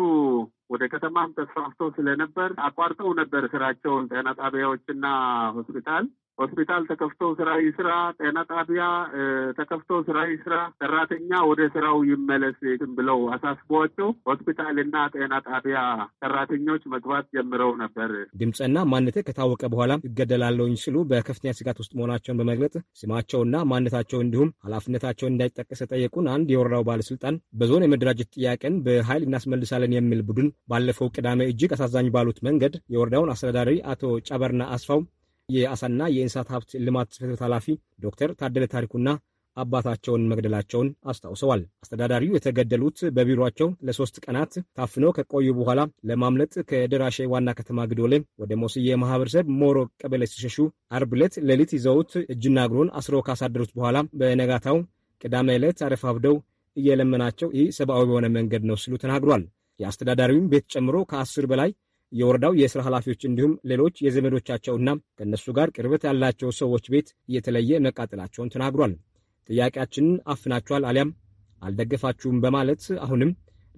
ወደ ከተማም ተስፋፍቶ ስለነበር አቋርጠው ነበር ስራቸውን ጤና ጣቢያዎችና ሆስፒታል ሆስፒታል ተከፍቶ ስራ ይስራ፣ ጤና ጣቢያ ተከፍቶ ስራ ይስራ፣ ሰራተኛ ወደ ስራው ይመለስ ብለው አሳስቧቸው ሆስፒታልና ጤና ጣቢያ ሰራተኞች መግባት ጀምረው ነበር። ድምፅና ማነተ ከታወቀ በኋላ ይገደላለውኝ ሲሉ በከፍተኛ ስጋት ውስጥ መሆናቸውን በመግለጽ ስማቸውና ማንነታቸው እንዲሁም ኃላፊነታቸው እንዳይጠቀስ የጠየቁን አንድ የወረዳው ባለስልጣን በዞን የመደራጀት ጥያቄን በኃይል እናስመልሳለን የሚል ቡድን ባለፈው ቅዳሜ እጅግ አሳዛኝ ባሉት መንገድ የወረዳውን አስተዳዳሪ አቶ ጨበርና አስፋው የአሳና የእንስሳት ሀብት ልማት ጽሕፈት ቤት ኃላፊ ዶክተር ታደለ ታሪኩና አባታቸውን መግደላቸውን አስታውሰዋል። አስተዳዳሪው የተገደሉት በቢሮቸው ለሶስት ቀናት ታፍነው ከቆዩ በኋላ ለማምለጥ ከደራሼ ዋና ከተማ ግዶሌ ወደ ሞስዬ ማህበረሰብ ሞሮ ቀበሌ ሲሸሹ አርብ ዕለት ሌሊት ይዘውት እጅና እግሩን አስሮ ካሳደሩት በኋላ በነጋታው ቅዳሜ ዕለት አረፋብደው እየለመናቸው ይህ ሰብአዊ በሆነ መንገድ ነው ሲሉ ተናግሯል። የአስተዳዳሪውም ቤት ጨምሮ ከአስር በላይ የወረዳው የስራ ኃላፊዎች እንዲሁም ሌሎች የዘመዶቻቸውና ከእነሱ ጋር ቅርበት ያላቸው ሰዎች ቤት እየተለየ መቃጠላቸውን ተናግሯል። ጥያቄያችንን አፍናችኋል አሊያም አልደገፋችሁም በማለት አሁንም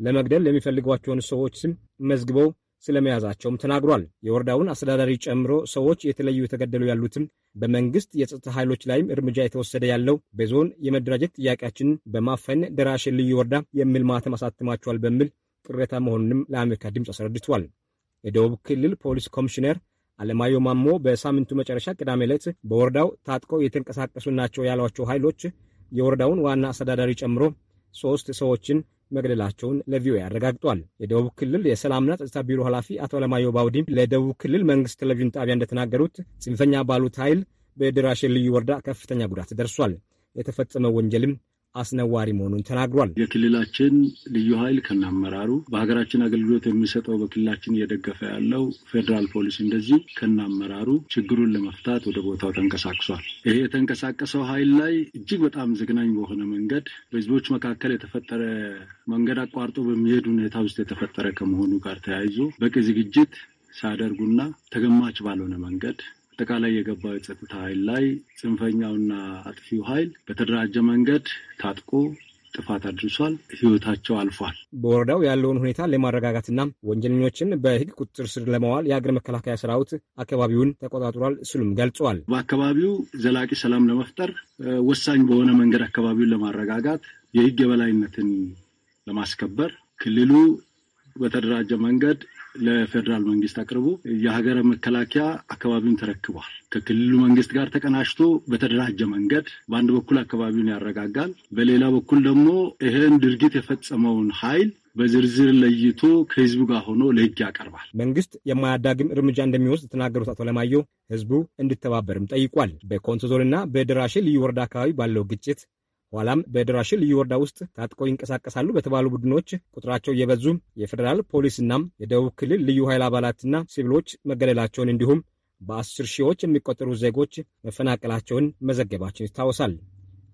ለመግደል የሚፈልጓቸውን ሰዎች ስም መዝግበው ስለመያዛቸውም ተናግሯል። የወረዳውን አስተዳዳሪ ጨምሮ ሰዎች የተለዩ የተገደሉ ያሉትም በመንግስት የጸጥታ ኃይሎች ላይም እርምጃ የተወሰደ ያለው በዞን የመደራጀት ጥያቄያችንን በማፈን ደራሽን ልዩ ወረዳ የሚል ማተም አሳትማቸዋል በሚል ቅሬታ መሆኑንም ለአሜሪካ ድምፅ አስረድቷል። የደቡብ ክልል ፖሊስ ኮሚሽነር አለማዮ ማሞ በሳምንቱ መጨረሻ ቅዳሜ ዕለት በወረዳው ታጥቀው የተንቀሳቀሱ ናቸው ያሏቸው ኃይሎች የወረዳውን ዋና አስተዳዳሪ ጨምሮ ሶስት ሰዎችን መግደላቸውን ለቪኦኤ አረጋግጧል። የደቡብ ክልል የሰላምና ጸጥታ ቢሮ ኃላፊ አቶ አለማዮ ባውዲም ለደቡብ ክልል መንግስት ቴሌቪዥን ጣቢያ እንደተናገሩት ጽንፈኛ ባሉት ኃይል በድራሽ ልዩ ወረዳ ከፍተኛ ጉዳት ደርሷል። የተፈጸመው ወንጀልም አስነዋሪ መሆኑን ተናግሯል። የክልላችን ልዩ ኃይል ከናመራሩ በሀገራችን አገልግሎት የሚሰጠው በክልላችን እየደገፈ ያለው ፌዴራል ፖሊስ እንደዚህ ከናመራሩ ችግሩን ለመፍታት ወደ ቦታው ተንቀሳቅሷል። ይሄ የተንቀሳቀሰው ኃይል ላይ እጅግ በጣም ዘግናኝ በሆነ መንገድ በህዝቦች መካከል የተፈጠረ መንገድ አቋርጦ በሚሄድ ሁኔታ ውስጥ የተፈጠረ ከመሆኑ ጋር ተያይዞ በቂ ዝግጅት ሳያደርጉና ተገማች ባልሆነ መንገድ አጠቃላይ የገባው የጸጥታ ኃይል ላይ ጽንፈኛውና አጥፊው ኃይል በተደራጀ መንገድ ታጥቆ ጥፋት አድርሷል። ህይወታቸው አልፏል። በወረዳው ያለውን ሁኔታ ለማረጋጋትና ወንጀለኞችን በህግ ቁጥጥር ስር ለማዋል የአገር መከላከያ ሰራዊት አካባቢውን ተቆጣጥሯል ስሉም ገልጸዋል። በአካባቢው ዘላቂ ሰላም ለመፍጠር ወሳኝ በሆነ መንገድ አካባቢውን ለማረጋጋት፣ የህግ የበላይነትን ለማስከበር ክልሉ በተደራጀ መንገድ ለፌዴራል መንግስት አቅርቦ የሀገረ መከላከያ አካባቢውን ተረክቧል። ከክልሉ መንግስት ጋር ተቀናጅቶ በተደራጀ መንገድ በአንድ በኩል አካባቢውን ያረጋጋል፣ በሌላ በኩል ደግሞ ይህን ድርጊት የፈጸመውን ኃይል በዝርዝር ለይቶ ከህዝቡ ጋር ሆኖ ለህግ ያቀርባል። መንግስት የማያዳግም እርምጃ እንደሚወስድ የተናገሩት አቶ ለማየሁ ህዝቡ እንዲተባበርም ጠይቋል። በኮንሶ ዞንና በደራሼ ልዩ ወረዳ አካባቢ ባለው ግጭት ኋላም በደራሽ ልዩ ወረዳ ውስጥ ታጥቆ ይንቀሳቀሳሉ በተባሉ ቡድኖች ቁጥራቸው የበዙ የፌዴራል ፖሊስና የደቡብ ክልል ልዩ ኃይል አባላትና ሲቪሎች መገደላቸውን እንዲሁም በአስር ሺዎች የሚቆጠሩ ዜጎች መፈናቀላቸውን መዘገባችን ይታወሳል።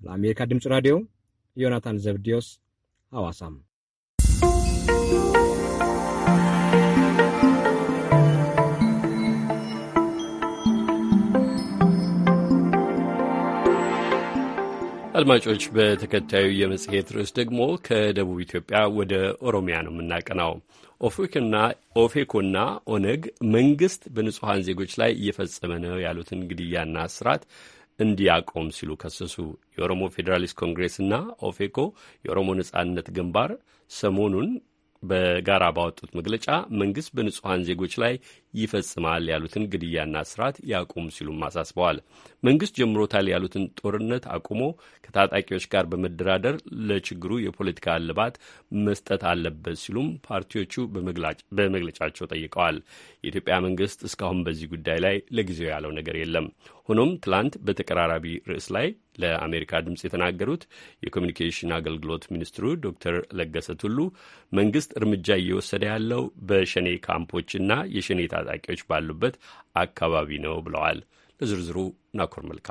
ለአሜሪካ ድምፅ ራዲዮ ዮናታን ዘብዲዮስ ሐዋሳም አድማጮች፣ በተከታዩ የመጽሔት ርዕስ ደግሞ ከደቡብ ኢትዮጵያ ወደ ኦሮሚያ ነው የምናቀናው። ኦፌኮና ኦነግ መንግስት በንጹሐን ዜጎች ላይ እየፈጸመ ነው ያሉትን ግድያና እስራት እንዲያቆም ሲሉ ከሰሱ። የኦሮሞ ፌዴራሊስት ኮንግሬስና ኦፌኮ የኦሮሞ ነጻነት ግንባር ሰሞኑን በጋራ ባወጡት መግለጫ መንግስት በንጹሐን ዜጎች ላይ ይፈጽማል ያሉትን ግድያና ስርዓት ያቁም ሲሉም አሳስበዋል። መንግስት ጀምሮታል ያሉትን ጦርነት አቁሞ ከታጣቂዎች ጋር በመደራደር ለችግሩ የፖለቲካ እልባት መስጠት አለበት ሲሉም ፓርቲዎቹ በመግለጫቸው ጠይቀዋል። የኢትዮጵያ መንግስት እስካሁን በዚህ ጉዳይ ላይ ለጊዜው ያለው ነገር የለም። ሆኖም ትላንት በተቀራራቢ ርዕስ ላይ ለአሜሪካ ድምፅ የተናገሩት የኮሚኒኬሽን አገልግሎት ሚኒስትሩ ዶክተር ለገሰ ቱሉ መንግስት እርምጃ እየወሰደ ያለው በሸኔ ካምፖችና የሸኔ ታጣቂዎች ባሉበት አካባቢ ነው ብለዋል። ለዝርዝሩ ናኮር መልካ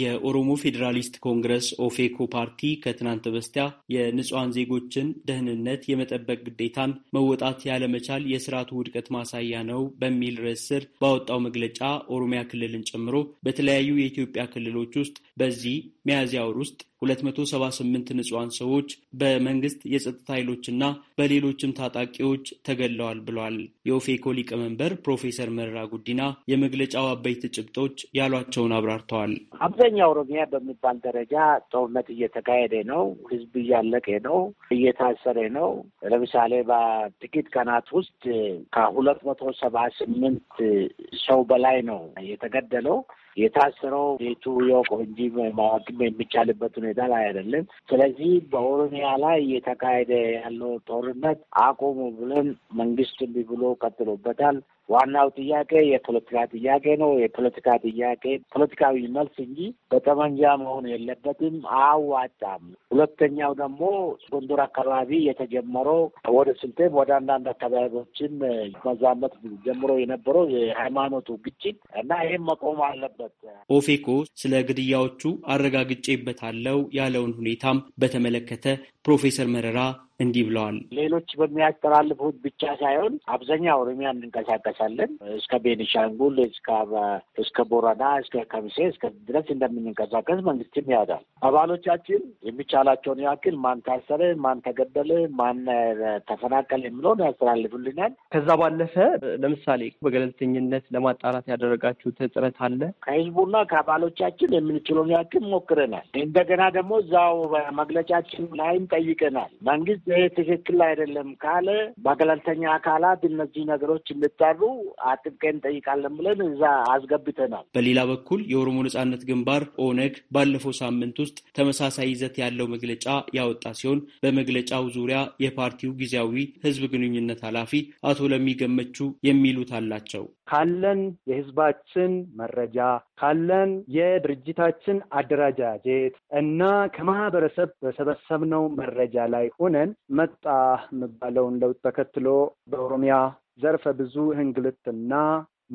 የኦሮሞ ፌዴራሊስት ኮንግረስ ኦፌኮ ፓርቲ ከትናንት በስቲያ የንጹሐን ዜጎችን ደህንነት የመጠበቅ ግዴታን መወጣት ያለመቻል የስርዓቱ ውድቀት ማሳያ ነው በሚል ርዕስ ስር ባወጣው መግለጫ ኦሮሚያ ክልልን ጨምሮ በተለያዩ የኢትዮጵያ ክልሎች ውስጥ በዚህ ሚያዝያ ወር ውስጥ 278 ንጹሐን ሰዎች በመንግስት የጸጥታ ኃይሎችና በሌሎችም ታጣቂዎች ተገለዋል ብለዋል። የኦፌኮ ሊቀመንበር ፕሮፌሰር መረራ ጉዲና የመግለጫው አበይት ጭብጦች ያሏቸውን አብራርተዋል። አብዛኛው ኦሮሚያ በሚባል ደረጃ ጦርነት እየተካሄደ ነው። ህዝብ እያለቀ ነው፣ እየታሰረ ነው። ለምሳሌ በጥቂት ቀናት ውስጥ ከሁለት መቶ ሰባ ስምንት ሰው በላይ ነው የተገደለው። የታሰረው ቤቱ የወቆ እንጂ ማዋቅም የሚቻልበት ሁኔታ ላይ አይደለም። ስለዚህ በኦሮሚያ ላይ እየተካሄደ ያለው ጦርነት አቁሙ ብለን መንግስት እምቢ ብሎ ቀጥሎበታል። ዋናው ጥያቄ የፖለቲካ ጥያቄ ነው። የፖለቲካ ጥያቄ ፖለቲካዊ መልስ እንጂ በጠመንጃ መሆን የለበትም፣ አዋጣም። ሁለተኛው ደግሞ ጎንደር አካባቢ የተጀመረው ወደ ስልጤም ወደ አንዳንድ አካባቢዎችም መዛመት ጀምሮ የነበረው የሃይማኖቱ ግጭት እና ይህም መቆም አለበት። ኦፌኮ ስለ ግድያዎቹ አረጋግጬበታለሁ ያለውን ሁኔታም በተመለከተ ፕሮፌሰር መረራ እንዲህ ብለዋል። ሌሎች በሚያስተላልፉት ብቻ ሳይሆን አብዛኛው ኦሮሚያ እንንቀሳቀሳለን። እስከ ቤኒሻንጉል፣ እስከ ቦረና፣ እስከ ከሚሴ እስከ ድረስ እንደምንንቀሳቀስ መንግስትም ያውቃል። አባሎቻችን የሚቻላቸውን ያክል ማን ታሰረ፣ ማን ተገደለ፣ ማን ተፈናቀል የሚለውን ያስተላልፉልናል። ከዛ ባለፈ ለምሳሌ በገለልተኝነት ለማጣራት ያደረጋችሁት ጥረት አለ? ከህዝቡና ከአባሎቻችን የምንችለውን ያክል ሞክረናል። እንደገና ደግሞ እዛው መግለጫችን ላይም ጠይቀናል። መንግስት ይሄ ትክክል አይደለም ካለ በገለልተኛ አካላት እነዚህ ነገሮች እንጣሩ አጥብቀን እንጠይቃለን ብለን እዛ አስገብተናል። በሌላ በኩል የኦሮሞ ነጻነት ግንባር ኦነግ ባለፈው ሳምንት ውስጥ ተመሳሳይ ይዘት ያለው መግለጫ ያወጣ ሲሆን በመግለጫው ዙሪያ የፓርቲው ጊዜያዊ ህዝብ ግንኙነት ኃላፊ አቶ ለሚገመቹ የሚሉት አላቸው። ካለን የህዝባችን መረጃ ካለን የድርጅታችን አደረጃጀት እና ከማህበረሰብ በሰበሰብነው መረጃ ላይ ሆነን መጣ የሚባለውን ለውጥ ተከትሎ በኦሮሚያ ዘርፈ ብዙ እንግልትና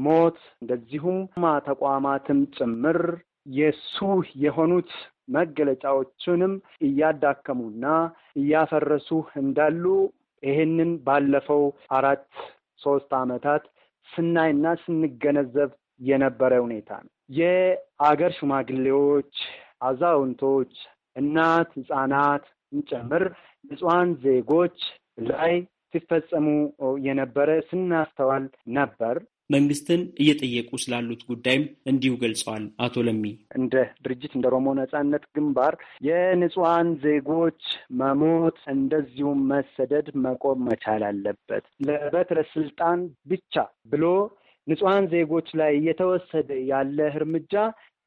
ሞት እንደዚሁም ማ ተቋማትም ጭምር የሱ የሆኑት መገለጫዎችንም እያዳከሙና እያፈረሱ እንዳሉ ይህንን ባለፈው አራት ሶስት ዓመታት ስናይና ስንገነዘብ የነበረ ሁኔታ ነው። የአገር ሽማግሌዎች፣ አዛውንቶች፣ እናት ህጻናት ጭምር ንጹሐን ዜጎች ላይ ሲፈጸሙ የነበረ ስናስተዋል ነበር። መንግስትን እየጠየቁ ስላሉት ጉዳይም እንዲሁ ገልጸዋል። አቶ ለሚ እንደ ድርጅት እንደ ኦሮሞ ነጻነት ግንባር የንጹሐን ዜጎች መሞት እንደዚሁም መሰደድ መቆም መቻል አለበት። ለበትረ ስልጣን ብቻ ብሎ ንጹሐን ዜጎች ላይ እየተወሰደ ያለ እርምጃ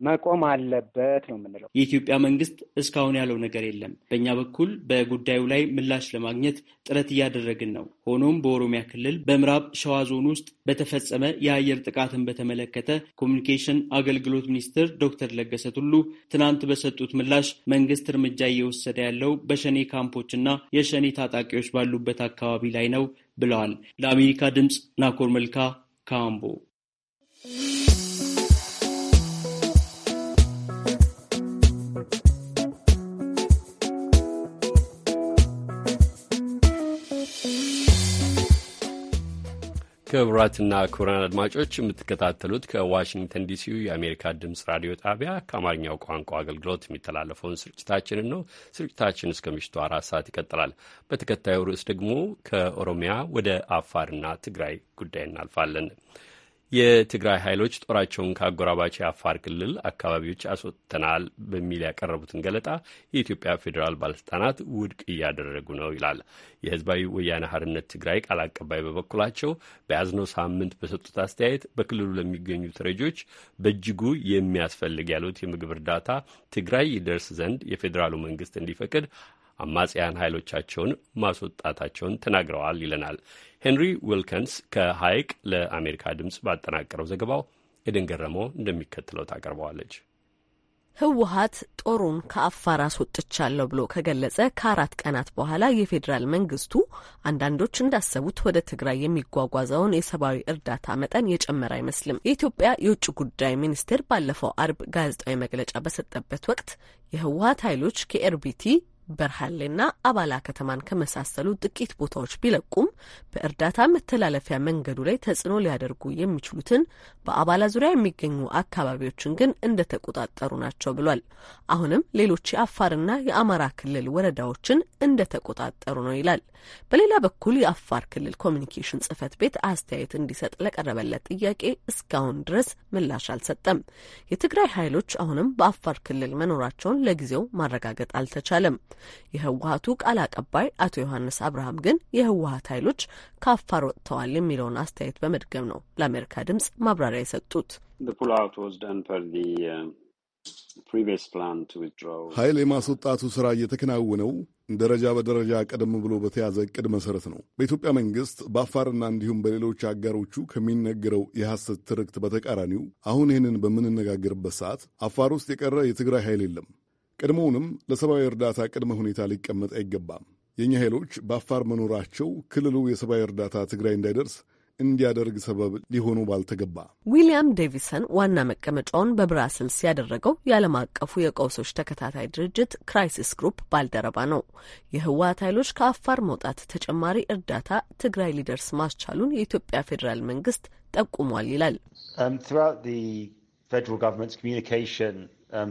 መቆም አለበት ነው የምንለው። የኢትዮጵያ መንግስት እስካሁን ያለው ነገር የለም። በእኛ በኩል በጉዳዩ ላይ ምላሽ ለማግኘት ጥረት እያደረግን ነው። ሆኖም በኦሮሚያ ክልል በምዕራብ ሸዋ ዞን ውስጥ በተፈጸመ የአየር ጥቃትን በተመለከተ ኮሚኒኬሽን አገልግሎት ሚኒስትር ዶክተር ለገሰ ቱሉ ትናንት በሰጡት ምላሽ መንግስት እርምጃ እየወሰደ ያለው በሸኔ ካምፖች እና የሸኔ ታጣቂዎች ባሉበት አካባቢ ላይ ነው ብለዋል። ለአሜሪካ ድምፅ ናኮር መልካ ካምቦ ክቡራትና ክቡራን አድማጮች የምትከታተሉት ከዋሽንግተን ዲሲ የአሜሪካ ድምፅ ራዲዮ ጣቢያ ከአማርኛው ቋንቋ አገልግሎት የሚተላለፈውን ስርጭታችንን ነው። ስርጭታችን እስከ ምሽቱ አራት ሰዓት ይቀጥላል። በተከታዩ ርዕስ ደግሞ ከኦሮሚያ ወደ አፋርና ትግራይ ጉዳይ እናልፋለን። የትግራይ ኃይሎች ጦራቸውን ከአጎራባች የአፋር ክልል አካባቢዎች አስወጥተናል በሚል ያቀረቡትን ገለጣ የኢትዮጵያ ፌዴራል ባለስልጣናት ውድቅ እያደረጉ ነው ይላል። የህዝባዊ ወያነ ሀርነት ትግራይ ቃል አቀባይ በበኩላቸው በያዝነው ሳምንት በሰጡት አስተያየት በክልሉ ለሚገኙ ትረጆች በእጅጉ የሚያስፈልግ ያሉት የምግብ እርዳታ ትግራይ ይደርስ ዘንድ የፌዴራሉ መንግስት እንዲፈቅድ አማጽያን ኃይሎቻቸውን ማስወጣታቸውን ተናግረዋል ይለናል ሄንሪ ዊልከንስ ከሀይቅ ለአሜሪካ ድምፅ ባጠናቀረው ዘገባው ኤደን ገረመው እንደሚከተለው ታቀርበዋለች። ህወሀት ጦሩን ከአፋር አስወጥቻለሁ ብሎ ከገለጸ ከአራት ቀናት በኋላ የፌዴራል መንግስቱ አንዳንዶች እንዳሰቡት ወደ ትግራይ የሚጓጓዘውን የሰብአዊ እርዳታ መጠን የጨመረ አይመስልም። የኢትዮጵያ የውጭ ጉዳይ ሚኒስቴር ባለፈው አርብ ጋዜጣዊ መግለጫ በሰጠበት ወቅት የህወሀት ኃይሎች ከኤርቢቲ በርሃሌና አባላ ከተማን ከመሳሰሉ ጥቂት ቦታዎች ቢለቁም በእርዳታ መተላለፊያ መንገዱ ላይ ተጽዕኖ ሊያደርጉ የሚችሉትን በአባላ ዙሪያ የሚገኙ አካባቢዎችን ግን እንደተቆጣጠሩ ናቸው ብሏል። አሁንም ሌሎች የአፋርና የአማራ ክልል ወረዳዎችን እንደተቆጣጠሩ ነው ይላል። በሌላ በኩል የአፋር ክልል ኮሚኒኬሽን ጽህፈት ቤት አስተያየት እንዲሰጥ ለቀረበለት ጥያቄ እስካሁን ድረስ ምላሽ አልሰጠም። የትግራይ ኃይሎች አሁንም በአፋር ክልል መኖራቸውን ለጊዜው ማረጋገጥ አልተቻለም። የህወሀቱ ቃል አቀባይ አቶ ዮሐንስ አብርሃም ግን የህወሀት ኃይሎች ከአፋር ወጥተዋል የሚለውን አስተያየት በመድገም ነው ለአሜሪካ ድምጽ ማብራሪያ የሰጡት። uh, ኃይል የማስወጣቱ ስራ እየተከናወነው ደረጃ በደረጃ ቀደም ብሎ በተያዘ ዕቅድ መሰረት ነው። በኢትዮጵያ መንግስት በአፋርና እንዲሁም በሌሎች አጋሮቹ ከሚነገረው የሐሰት ትርክት በተቃራኒው አሁን ይህንን በምንነጋገርበት ሰዓት አፋር ውስጥ የቀረ የትግራይ ኃይል የለም። ቀድሞውንም ለሰብአዊ እርዳታ ቅድመ ሁኔታ ሊቀመጥ አይገባም። የእኛ ኃይሎች በአፋር መኖራቸው ክልሉ የሰብአዊ እርዳታ ትግራይ እንዳይደርስ እንዲያደርግ ሰበብ ሊሆኑ ባልተገባ። ዊሊያም ዴቪሰን ዋና መቀመጫውን በብራስልስ ያደረገው የዓለም አቀፉ የቀውሶች ተከታታይ ድርጅት ክራይሲስ ግሩፕ ባልደረባ ነው። የህወሀት ኃይሎች ከአፋር መውጣት ተጨማሪ እርዳታ ትግራይ ሊደርስ ማስቻሉን የኢትዮጵያ ፌዴራል መንግስት ጠቁሟል ይላል። um, Um,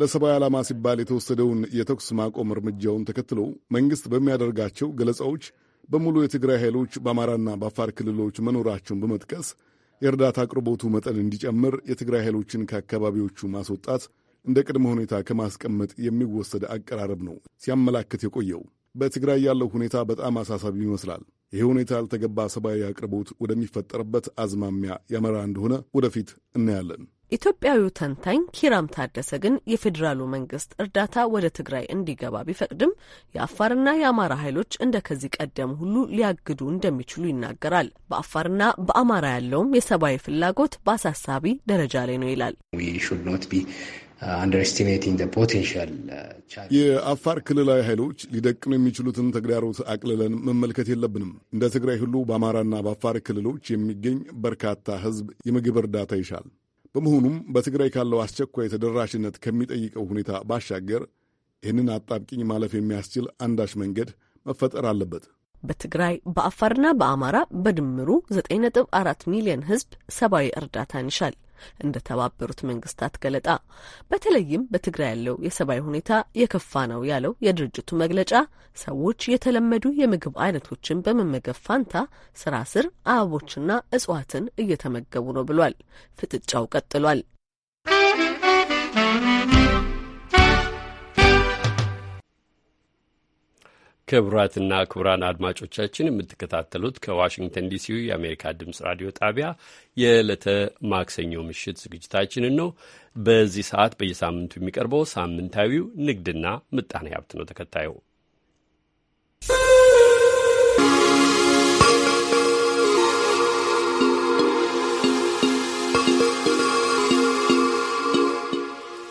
ለሰብአዊ ዓላማ ሲባል የተወሰደውን የተኩስ ማቆም እርምጃውን ተከትሎ መንግሥት በሚያደርጋቸው ገለጻዎች በሙሉ የትግራይ ኃይሎች በአማራና በአፋር ክልሎች መኖራቸውን በመጥቀስ የእርዳታ አቅርቦቱ መጠን እንዲጨምር የትግራይ ኃይሎችን ከአካባቢዎቹ ማስወጣት እንደ ቅድመ ሁኔታ ከማስቀመጥ የሚወሰድ አቀራረብ ነው ሲያመላክት የቆየው። በትግራይ ያለው ሁኔታ በጣም አሳሳቢ ይመስላል። ይህ ሁኔታ ያልተገባ ሰብአዊ አቅርቦት ወደሚፈጠርበት አዝማሚያ ያመራ እንደሆነ ወደፊት እናያለን። ኢትዮጵያዊው ተንታኝ ኪራም ታደሰ ግን የፌዴራሉ መንግስት እርዳታ ወደ ትግራይ እንዲገባ ቢፈቅድም የአፋርና የአማራ ኃይሎች እንደ ከዚህ ቀደም ሁሉ ሊያግዱ እንደሚችሉ ይናገራል። በአፋርና በአማራ ያለውም የሰብአዊ ፍላጎት በአሳሳቢ ደረጃ ላይ ነው ይላል። Uh, የአፋር ክልላዊ ኃይሎች ሊደቅኑ የሚችሉትን ተግዳሮት አቅልለን መመልከት የለብንም። እንደ ትግራይ ሁሉ በአማራና በአፋር ክልሎች የሚገኝ በርካታ ሕዝብ የምግብ እርዳታ ይሻል። በመሆኑም በትግራይ ካለው አስቸኳይ ተደራሽነት ከሚጠይቀው ሁኔታ ባሻገር ይህንን አጣብቂኝ ማለፍ የሚያስችል አንዳች መንገድ መፈጠር አለበት። በትግራይ በአፋርና በአማራ በድምሩ 9.4 ሚሊዮን ህዝብ ሰብአዊ እርዳታን ይሻል። እንደ ተባበሩት መንግስታት ገለጣ በተለይም በትግራይ ያለው የሰብአዊ ሁኔታ የከፋ ነው ያለው የድርጅቱ መግለጫ ሰዎች የተለመዱ የምግብ አይነቶችን በመመገብ ፋንታ ስራ ስር አበቦችና እጽዋትን እየተመገቡ ነው ብሏል። ፍጥጫው ቀጥሏል። ክቡራትና ክቡራን አድማጮቻችን የምትከታተሉት ከዋሽንግተን ዲሲ የአሜሪካ ድምፅ ራዲዮ ጣቢያ የዕለተ ማክሰኞ ምሽት ዝግጅታችንን ነው። በዚህ ሰዓት በየሳምንቱ የሚቀርበው ሳምንታዊው ንግድና ምጣኔ ሀብት ነው። ተከታዩ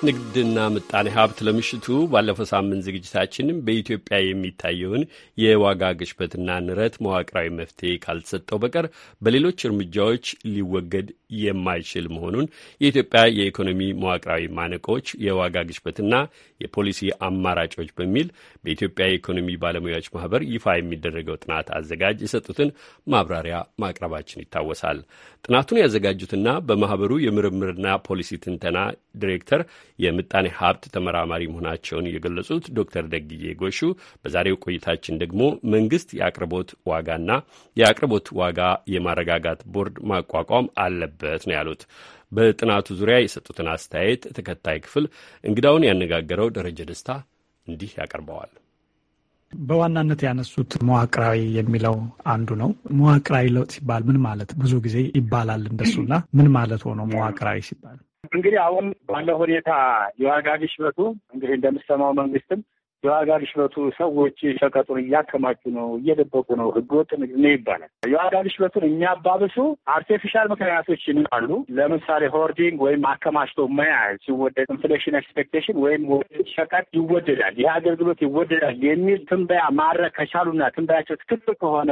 ንግድና ምጣኔ ሀብት ለምሽቱ ባለፈው ሳምንት ዝግጅታችንም በኢትዮጵያ የሚታየውን የዋጋ ግሽበትና ንረት መዋቅራዊ መፍትሄ ካልተሰጠው በቀር በሌሎች እርምጃዎች ሊወገድ የማይችል መሆኑን የኢትዮጵያ የኢኮኖሚ መዋቅራዊ ማነቆዎች፣ የዋጋ ግሽበትና የፖሊሲ አማራጮች በሚል በኢትዮጵያ የኢኮኖሚ ባለሙያዎች ማህበር ይፋ የሚደረገው ጥናት አዘጋጅ የሰጡትን ማብራሪያ ማቅረባችን ይታወሳል። ጥናቱን ያዘጋጁትና በማህበሩ የምርምርና ፖሊሲ ትንተና ዲሬክተር የምጣኔ ሀብት ተመራማሪ መሆናቸውን የገለጹት ዶክተር ደግዬ ጎሹ በዛሬው ቆይታችን ደግሞ መንግስት የአቅርቦት ዋጋና የአቅርቦት ዋጋ የማረጋጋት ቦርድ ማቋቋም አለ አለበት ነው ያሉት። በጥናቱ ዙሪያ የሰጡትን አስተያየት ተከታይ ክፍል እንግዳውን ያነጋገረው ደረጀ ደስታ እንዲህ ያቀርበዋል። በዋናነት ያነሱት መዋቅራዊ የሚለው አንዱ ነው። መዋቅራዊ ለውጥ ሲባል ምን ማለት ብዙ ጊዜ ይባላል እንደሱና ምን ማለት ሆኖ መዋቅራዊ ሲባል እንግዲህ አሁን ባለው ሁኔታ የዋጋ ግሽበቱ እንግዲህ እንደምሰማው መንግስትም የዋጋ ግሽበቱ ሰዎች ሸቀጡን እያከማቹ ነው፣ እየደበቁ ነው፣ ህገወጥ ንግድ ነው ይባላል። የዋጋ ግሽበቱን የሚያባብሱ አርቲፊሻል ምክንያቶች አሉ። ለምሳሌ ሆርዲንግ ወይም አከማችቶ መያዝ ሲወደድ፣ ኢንፍሌሽን ኤክስፔክቴሽን ወይም ሸቀጥ ይወደዳል፣ ይህ አገልግሎት ይወደዳል የሚል ትንበያ ማድረግ ከቻሉና ትንበያቸው ትክክል ከሆነ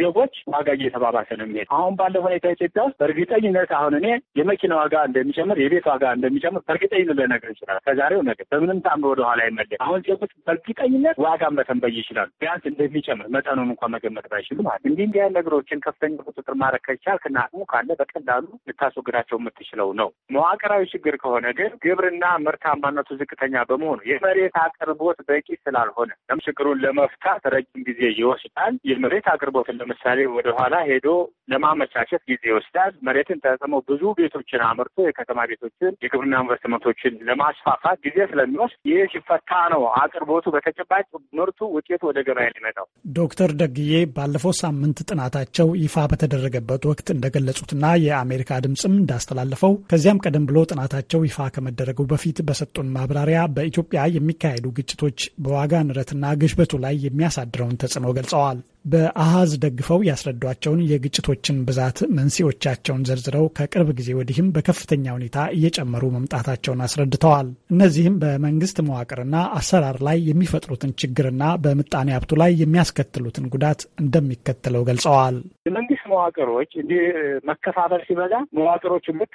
ዜጎች ዋጋ እየተባባሰ ነው የሚሄድ። አሁን ባለ ሁኔታ ኢትዮጵያ ውስጥ በእርግጠኝነት አሁን እኔ የመኪና ዋጋ እንደሚጨምር፣ የቤት ዋጋ እንደሚጨምር በእርግጠኝነት ልነግር ይችላል። ከዛሬው ነገር በምንም ታምር ወደኋላ አይመለስ። አሁን ዜጎች በእርግጠኝነት ዋጋን መተንበይ ይችላሉ። ቢያንስ እንደሚጨምር መጠኑን እንኳ መገመት ባይችሉ ማለት እንዲህ እንዲህ ነገሮችን ከፍተኛ ቁጥጥር ማድረግ ከቻልክ አቅሙ ካለ በቀላሉ ልታስወግዳቸው የምትችለው ነው። መዋቅራዊ ችግር ከሆነ ግን ግብርና ምርታማነቱ ዝቅተኛ በመሆኑ የመሬት አቅርቦት በቂ ስላልሆነ ችግሩን ለመፍታት ረጅም ጊዜ ይወስዳል። የመሬት አቅርቦትን ለምሳሌ ወደኋላ ሄዶ ለማመቻቸት ጊዜ ይወስዳል። መሬትን ተጠቅሞ ብዙ ቤቶችን አምርቶ የከተማ ቤቶችን የግብርና ኢንቨስትመንቶችን ለማስፋፋት ጊዜ ስለሚወስድ ይህ ሲፈታ ነው አቅር አቅርቦቱ በተጨባጭ ምርቱ ውጤቱ ወደ ገበያ ሊመጣው። ዶክተር ደግዬ ባለፈው ሳምንት ጥናታቸው ይፋ በተደረገበት ወቅት እንደገለጹትና የአሜሪካ ድምፅም እንዳስተላለፈው ከዚያም ቀደም ብሎ ጥናታቸው ይፋ ከመደረጉ በፊት በሰጡን ማብራሪያ በኢትዮጵያ የሚካሄዱ ግጭቶች በዋጋ ንረትና ግሽበቱ ላይ የሚያሳድረውን ተጽዕኖ ገልጸዋል። በአሃዝ ደግፈው ያስረዷቸውን የግጭቶችን ብዛት መንስኤዎቻቸውን ዘርዝረው ከቅርብ ጊዜ ወዲህም በከፍተኛ ሁኔታ እየጨመሩ መምጣታቸውን አስረድተዋል። እነዚህም በመንግስት መዋቅርና አሰራር ላይ የሚፈጥሩትን ችግርና በምጣኔ ሀብቱ ላይ የሚያስከትሉትን ጉዳት እንደሚከተለው ገልጸዋል። የመንግስት የመንግስት መዋቅሮች እንዲህ መከፋፈል ሲበዛ መዋቅሮች ልክ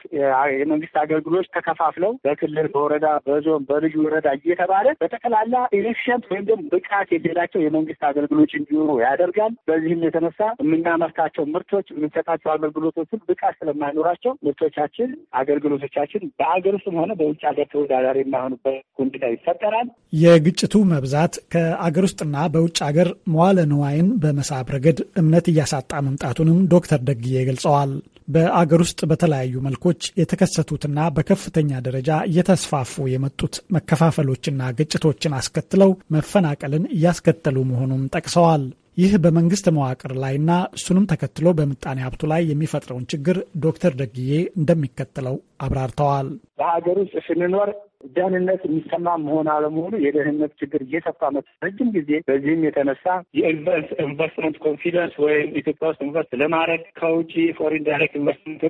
የመንግስት አገልግሎች ተከፋፍለው በክልል፣ በወረዳ፣ በዞን፣ በልዩ ወረዳ እየተባለ በጠቅላላ ኢሌክሽን ወይም ደግሞ ብቃት የሌላቸው የመንግስት አገልግሎች እንዲሆኑ ያደርጋል። በዚህም የተነሳ የምናመርታቸው ምርቶች የምንሰጣቸው አገልግሎቶችን ብቃት ስለማይኖራቸው ምርቶቻችን፣ አገልግሎቶቻችን በአገር ውስጥም ሆነ በውጭ ሀገር ተወዳዳሪ የማይሆኑበት ሁኔታ ይፈጠራል። የግጭቱ መብዛት ከአገር ውስጥና በውጭ ሀገር መዋለ ንዋይን በመሳብ ረገድ እምነት እያሳጣ መምጣቱንም መሆኑን ዶክተር ደግዬ ገልጸዋል። በአገር ውስጥ በተለያዩ መልኮች የተከሰቱትና በከፍተኛ ደረጃ እየተስፋፉ የመጡት መከፋፈሎችና ግጭቶችን አስከትለው መፈናቀልን እያስከተሉ መሆኑን ጠቅሰዋል። ይህ በመንግስት መዋቅር ላይና እሱንም ተከትሎ በምጣኔ ሀብቱ ላይ የሚፈጥረውን ችግር ዶክተር ደግዬ እንደሚከተለው አብራርተዋል። በሀገር ውስጥ ስንኖር ደህንነት የሚሰማ መሆን አለመሆኑ የደህንነት ችግር እየሰፋ መ ረጅም ጊዜ በዚህም የተነሳ የኢንቨስትመንት ኮንፊደንስ ወይም ኢትዮጵያ ውስጥ ኢንቨስት ለማድረግ ከውጭ ፎሪን ዳይሬክት ኢንቨስትመንት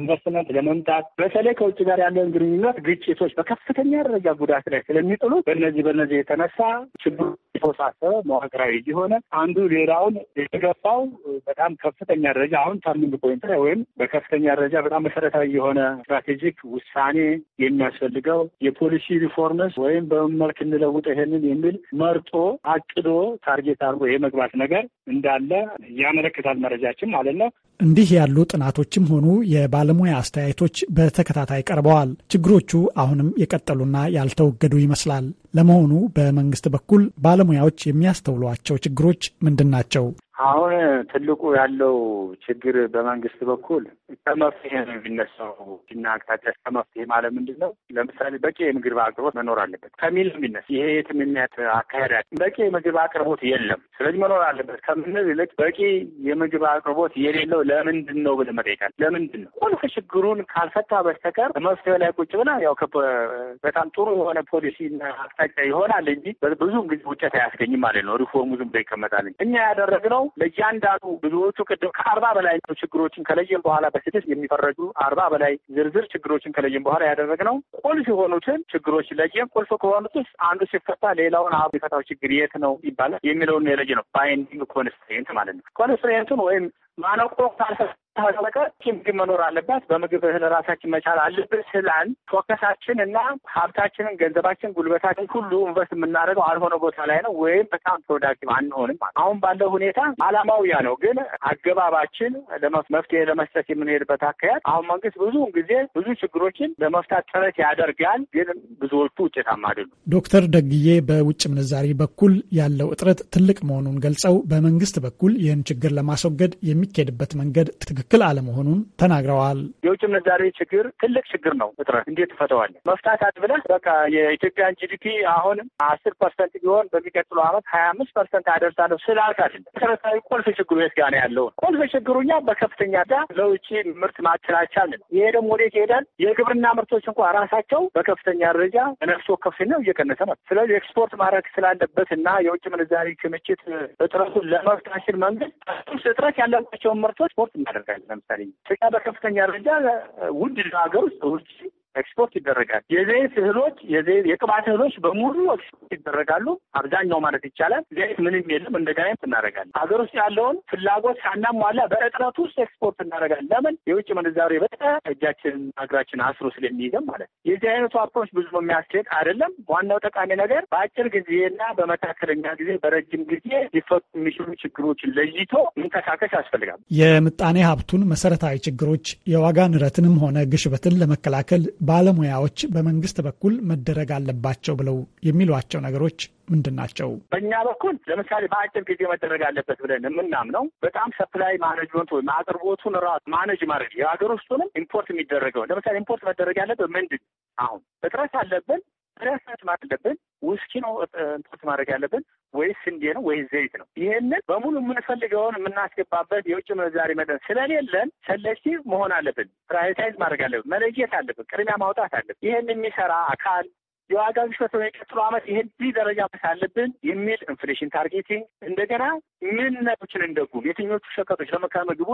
ኢንቨስትመንት ለመምጣት በተለይ ከውጭ ጋር ያለውን ግንኙነት ግጭቶች በከፍተኛ ደረጃ ጉዳት ላይ ስለሚጥሉ በነዚህ በነዚህ የተነሳ ችግሩ የተወሳሰበ መዋቅራዊ የሆነ አንዱ ሌላውን የተገባው በጣም ከፍተኛ ደረጃ አሁን ታርኒንግ ፖይንት ላይ ወይም በከፍተኛ ደረጃ በጣም መሰረታዊ የሆነ ስትራቴጂክ ውሳኔ የሚያስፈልገው የፖሊሲ ሪፎርምስ ወይም በምን መልክ ይሄንን የሚል መርጦ አቅዶ ታርጌት አድርጎ የመግባት ነገር እንዳለ ያመለክታል መረጃችን ማለት ነው። እንዲህ ያሉ ጥናቶችም ሆኑ የባለሙያ አስተያየቶች በተከታታይ ቀርበዋል። ችግሮቹ አሁንም የቀጠሉና ያልተወገዱ ይመስላል። ለመሆኑ በመንግስት በኩል ባለሙያዎች የሚያስተውሏቸው ችግሮች ምንድን ናቸው? አሁን ትልቁ ያለው ችግር በመንግስት በኩል ከመፍትሄ ነው የሚነሳው እና አቅጣጫ ከመፍትሄ ማለት ምንድን ነው? ለምሳሌ በቂ የምግብ አቅርቦት መኖር አለበት ከሚል የሚነሳ ይሄ አካሄድ አካሄዳ በቂ የምግብ አቅርቦት የለም፣ ስለዚህ መኖር አለበት ከምንል ይልቅ በቂ የምግብ አቅርቦት የሌለው ለምንድን ነው ብለህ መጠየቃል። ለምንድን ነው ቁልፍ ችግሩን ካልፈታ በስተቀር መፍትሄ ላይ ቁጭ ብላ ያው በጣም ጥሩ የሆነ ፖሊሲና አቅጣጫ ይሆናል እንጂ ብዙም ጊዜ ውጤት አያስገኝም ማለት ነው። ሪፎርሙ ዝም ብሎ ይቀመጣል። እኛ ያደረግነው ነው። ለእያንዳንዱ ብዙዎቹ ቅድም ከአርባ በላይ ችግሮችን ከለየን በኋላ በስድስት የሚፈረጁ አርባ በላይ ዝርዝር ችግሮችን ከለየን በኋላ ያደረግነው ቁልፍ የሆኑትን ችግሮች ለየን። ቁልፍ ከሆኑት ውስጥ አንዱ ሲፈታ ሌላውን አብ የፈታው ችግር የት ነው ይባላል የሚለውን የለየ ነው። ባይንዲንግ ኮንስትሬንት ማለት ነው። ኮንስትሬንቱን ወይም ማነቆ ካልፈ ታጠቀ ምግብ መኖር አለባት። በምግብ እህል ራሳችን መቻል አለብን ስላል ፎከሳችን እና ሀብታችንን፣ ገንዘባችን፣ ጉልበታችን ሁሉ ኢንቨስት የምናደርገው አልሆነ ቦታ ላይ ነው፣ ወይም በጣም ፕሮዳክቲቭ አንሆንም። አሁን ባለው ሁኔታ አላማው ያ ነው፣ ግን አገባባችን መፍትሄ ለመስጠት የምንሄድበት አካያት አሁን መንግስት ብዙውን ጊዜ ብዙ ችግሮችን ለመፍታት ጥረት ያደርጋል፣ ግን ብዙዎቹ ውጤታማ አይደሉም። ዶክተር ደግዬ በውጭ ምንዛሪ በኩል ያለው እጥረት ትልቅ መሆኑን ገልጸው በመንግስት በኩል ይህን ችግር ለማስወገድ የሚካሄድበት መንገድ ትክክል ትክክል አለመሆኑን ተናግረዋል። የውጭ ምንዛሬ ችግር ትልቅ ችግር ነው። እጥረት እንዴት ትፈተዋለህ? መፍታት አትብለህ በቃ የኢትዮጵያን ጂዲፒ አሁንም አስር ፐርሰንት ቢሆን በሚቀጥሉ አመት ሀያ አምስት ፐርሰንት አደርሳለሁ ስላልክ አይደለም። መሰረታዊ ቁልፍ ችግሩ የት ጋር ነው ያለውን ቁልፍ ችግሩኛ በከፍተኛ ዳ ለውጭ ምርት ማችላቻ አለ። ይሄ ደግሞ ወዴት ይሄዳል? የግብርና ምርቶች እንኳ ራሳቸው በከፍተኛ ደረጃ ነፍስ ወከፍ ነው እየቀነሰ ነው። ስለዚህ ኤክስፖርት ማድረግ ስላለበት እና የውጭ ምንዛሬ ክምችት እጥረቱን ለመፍታችን መንገድ እጥረት ያለባቸውን ምርቶች ስፖርት እናደርጋል ለምሳሌ ስጋ በከፍተኛ ደረጃ ውድ ሀገር ውስጥ ውጭ ኤክስፖርት ይደረጋል። የዘይት እህሎች፣ የቅባት እህሎች በሙሉ ኤክስፖርት ይደረጋሉ። አብዛኛው ማለት ይቻላል ዘይት ምንም የለም። እንደገና እናደርጋለን። ሀገር ውስጥ ያለውን ፍላጎት ሳናሟላ በእጥረት ውስጥ ኤክስፖርት እናደርጋለን። ለምን የውጭ ምንዛሬ በጠ እጃችን ሀገራችን አስሮ ስለሚይዘም ማለት ነው። የዚህ አይነቱ አፕሮች ብዙ የሚያስኬድ አይደለም። ዋናው ጠቃሚ ነገር በአጭር ጊዜና በመካከለኛ ጊዜ፣ በረጅም ጊዜ ሊፈቱ የሚችሉ ችግሮችን ለይቶ መንቀሳቀስ ያስፈልጋል። የምጣኔ ሀብቱን መሰረታዊ ችግሮች የዋጋ ንረትንም ሆነ ግሽበትን ለመከላከል ባለሙያዎች በመንግስት በኩል መደረግ አለባቸው ብለው የሚሏቸው ነገሮች ምንድን ናቸው? በእኛ በኩል ለምሳሌ በአጭር ጊዜ መደረግ አለበት ብለን የምናምነው በጣም ሰፕላይ ማኔጅመንት ወይም አቅርቦቱን ራሱ ማኔጅ ማድረግ የሀገር ውስጡንም ኢምፖርት የሚደረገው ለምሳሌ ኢምፖርት መደረግ ያለበት ምንድን አሁን እጥረት አለብን ራሳችን ማለብን ውስኪ ነው እንትት ማድረግ ያለብን ወይስ ስንዴ ነው ወይስ ዘይት ነው? ይህንን በሙሉ የምንፈልገውን የምናስገባበት የውጭ ምንዛሪ መጠን ስለሌለን ሰሌክቲቭ መሆን አለብን። ፕራዮሪታይዝ ማድረግ አለብን። መለየት አለብን። ቅድሚያ ማውጣት አለብን። ይህን የሚሰራ አካል የዋጋ ግሽበት በሚቀጥለው ዓመት ይህን ደረጃ መስ አለብን የሚል ኢንፍሌሽን ታርጌቲንግ እንደገና ምን ነቶችን እንደጉም የትኞቹ ሸቀጦች ለመካመ ግቡ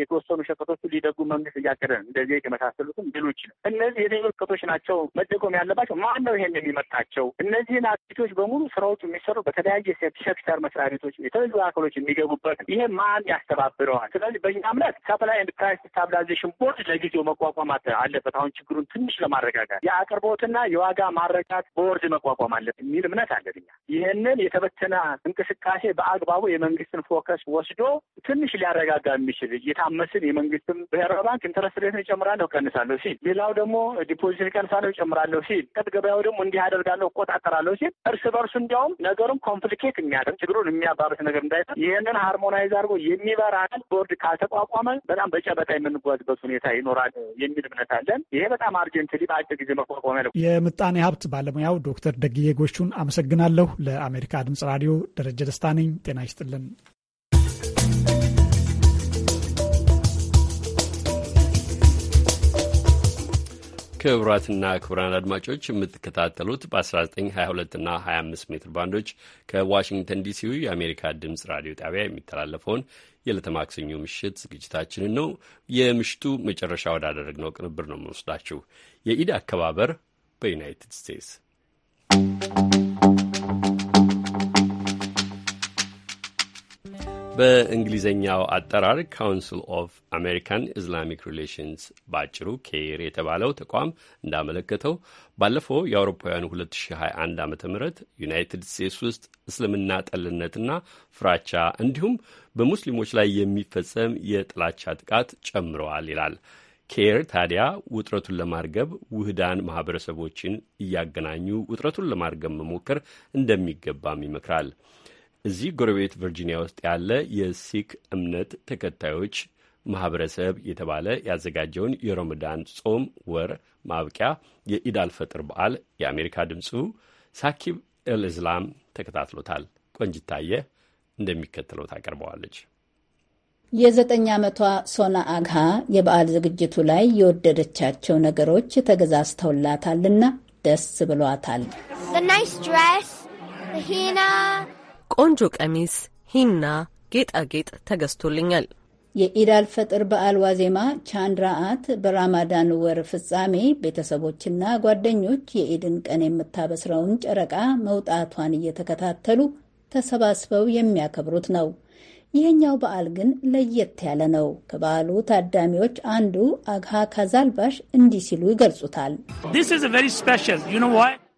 የተወሰኑ ሸቀጦችን ሊደጉ መንግስት እያቀደ ነው። እንደዚህ የመሳሰሉትም ሌሎች ነው። እነዚህ የትኞቹ ሸቀጦች ናቸው መደጎም ያለባቸው? ማን ነው ይሄን የሚመጣቸው? እነዚህን አክቲቪቲዎች በሙሉ ስራዎቹ የሚሰሩ በተለያየ ሴክተር መስሪያ ቤቶች፣ የተለዩ አካሎች የሚገቡበት ይሄ ማን ያስተባብረዋል? ስለዚህ በእኛ እምነት ሰፕላይ ኤንድ ፕራይስ ስታብላይዜሽን ቦርድ ለጊዜው መቋቋም አለበት። አሁን ችግሩን ትንሽ ለማረጋጋት የአቅርቦትና የዋጋ ማር ማረጋት ቦርድ መቋቋም አለብን የሚል እምነት አለን እኛ። ይህንን የተበተነ እንቅስቃሴ በአግባቡ የመንግስትን ፎከስ ወስዶ ትንሽ ሊያረጋጋ የሚችል እየታመስን የመንግስትም ብሔራዊ ባንክ ኢንተረስት ሬት እጨምራለሁ እቀንሳለሁ ሲል፣ ሌላው ደግሞ ዲፖዚት እቀንሳለሁ እጨምራለሁ ሲል፣ ቀጥ ገበያው ደግሞ እንዲህ አደርጋለሁ እቆጣጠራለሁ ሲል እርስ በርሱ እንዲያውም ነገሩን ኮምፕሊኬት የሚያደርግ ችግሩን የሚያባብስ ነገር እንዳይፈል ይህንን ሃርሞናይዝ አድርጎ የሚበራ ቦርድ ካልተቋቋመ በጣም በጨበጣ የምንጓዝበት ሁኔታ ይኖራል የሚል እምነት አለን። ይሄ በጣም አርጀንትሊ በአጭር ጊዜ መቋቋም ያለ የምጣኔ ሀብት ባለሙያው ዶክተር ደግዬ ጎቹን አመሰግናለሁ። ለአሜሪካ ድምጽ ራዲዮ ደረጀ ደስታ ነኝ። ጤና ይስጥልን። ክቡራትና ክቡራን አድማጮች የምትከታተሉት በ1922 እና 25 ሜትር ባንዶች ከዋሽንግተን ዲሲው የአሜሪካ ድምፅ ራዲዮ ጣቢያ የሚተላለፈውን የዕለተ ማክሰኞ ምሽት ዝግጅታችንን ነው። የምሽቱ መጨረሻ ወዳደረግነው ቅንብር ነው የምንወስዳችሁ። የኢድ አከባበር በዩናይትድ ስቴትስ። በእንግሊዝኛው አጠራር ካውንስል ኦፍ አሜሪካን ኢስላሚክ ሪሌሽንስ በአጭሩ ኬር የተባለው ተቋም እንዳመለከተው ባለፈው የአውሮፓውያኑ 2021 ዓ ም ዩናይትድ ስቴትስ ውስጥ እስልምና ጠልነትና ፍራቻ እንዲሁም በሙስሊሞች ላይ የሚፈጸም የጥላቻ ጥቃት ጨምረዋል ይላል። ኬር ታዲያ ውጥረቱን ለማርገብ ውህዳን ማህበረሰቦችን እያገናኙ ውጥረቱን ለማርገብ መሞከር እንደሚገባም ይመክራል። እዚህ ጎረቤት ቨርጂኒያ ውስጥ ያለ የሲክ እምነት ተከታዮች ማህበረሰብ የተባለ ያዘጋጀውን የሮመዳን ጾም ወር ማብቂያ የኢዳል ፈጥር በዓል የአሜሪካ ድምፁ ሳኪብ ኤል ተከታትሎታል። ቆንጅታየ እንደሚከተለው ታቀርበዋለች። የዘጠኝ ዓመቷ ሶና አግሃ የበዓል ዝግጅቱ ላይ የወደደቻቸው ነገሮች ተገዛዝተውላታልና ደስ ብሏታል። ቆንጆ ቀሚስ፣ ሂና፣ ጌጣጌጥ ተገዝቶልኛል። የኢዳል ፈጥር በዓል ዋዜማ ቻንድራአት በራማዳን ወር ፍጻሜ ቤተሰቦችና ጓደኞች የኢድን ቀን የምታበስረውን ጨረቃ መውጣቷን እየተከታተሉ ተሰባስበው የሚያከብሩት ነው። ይህኛው በዓል ግን ለየት ያለ ነው። ከበዓሉ ታዳሚዎች አንዱ አግሃ ካዛልባሽ እንዲህ ሲሉ ይገልጹታል።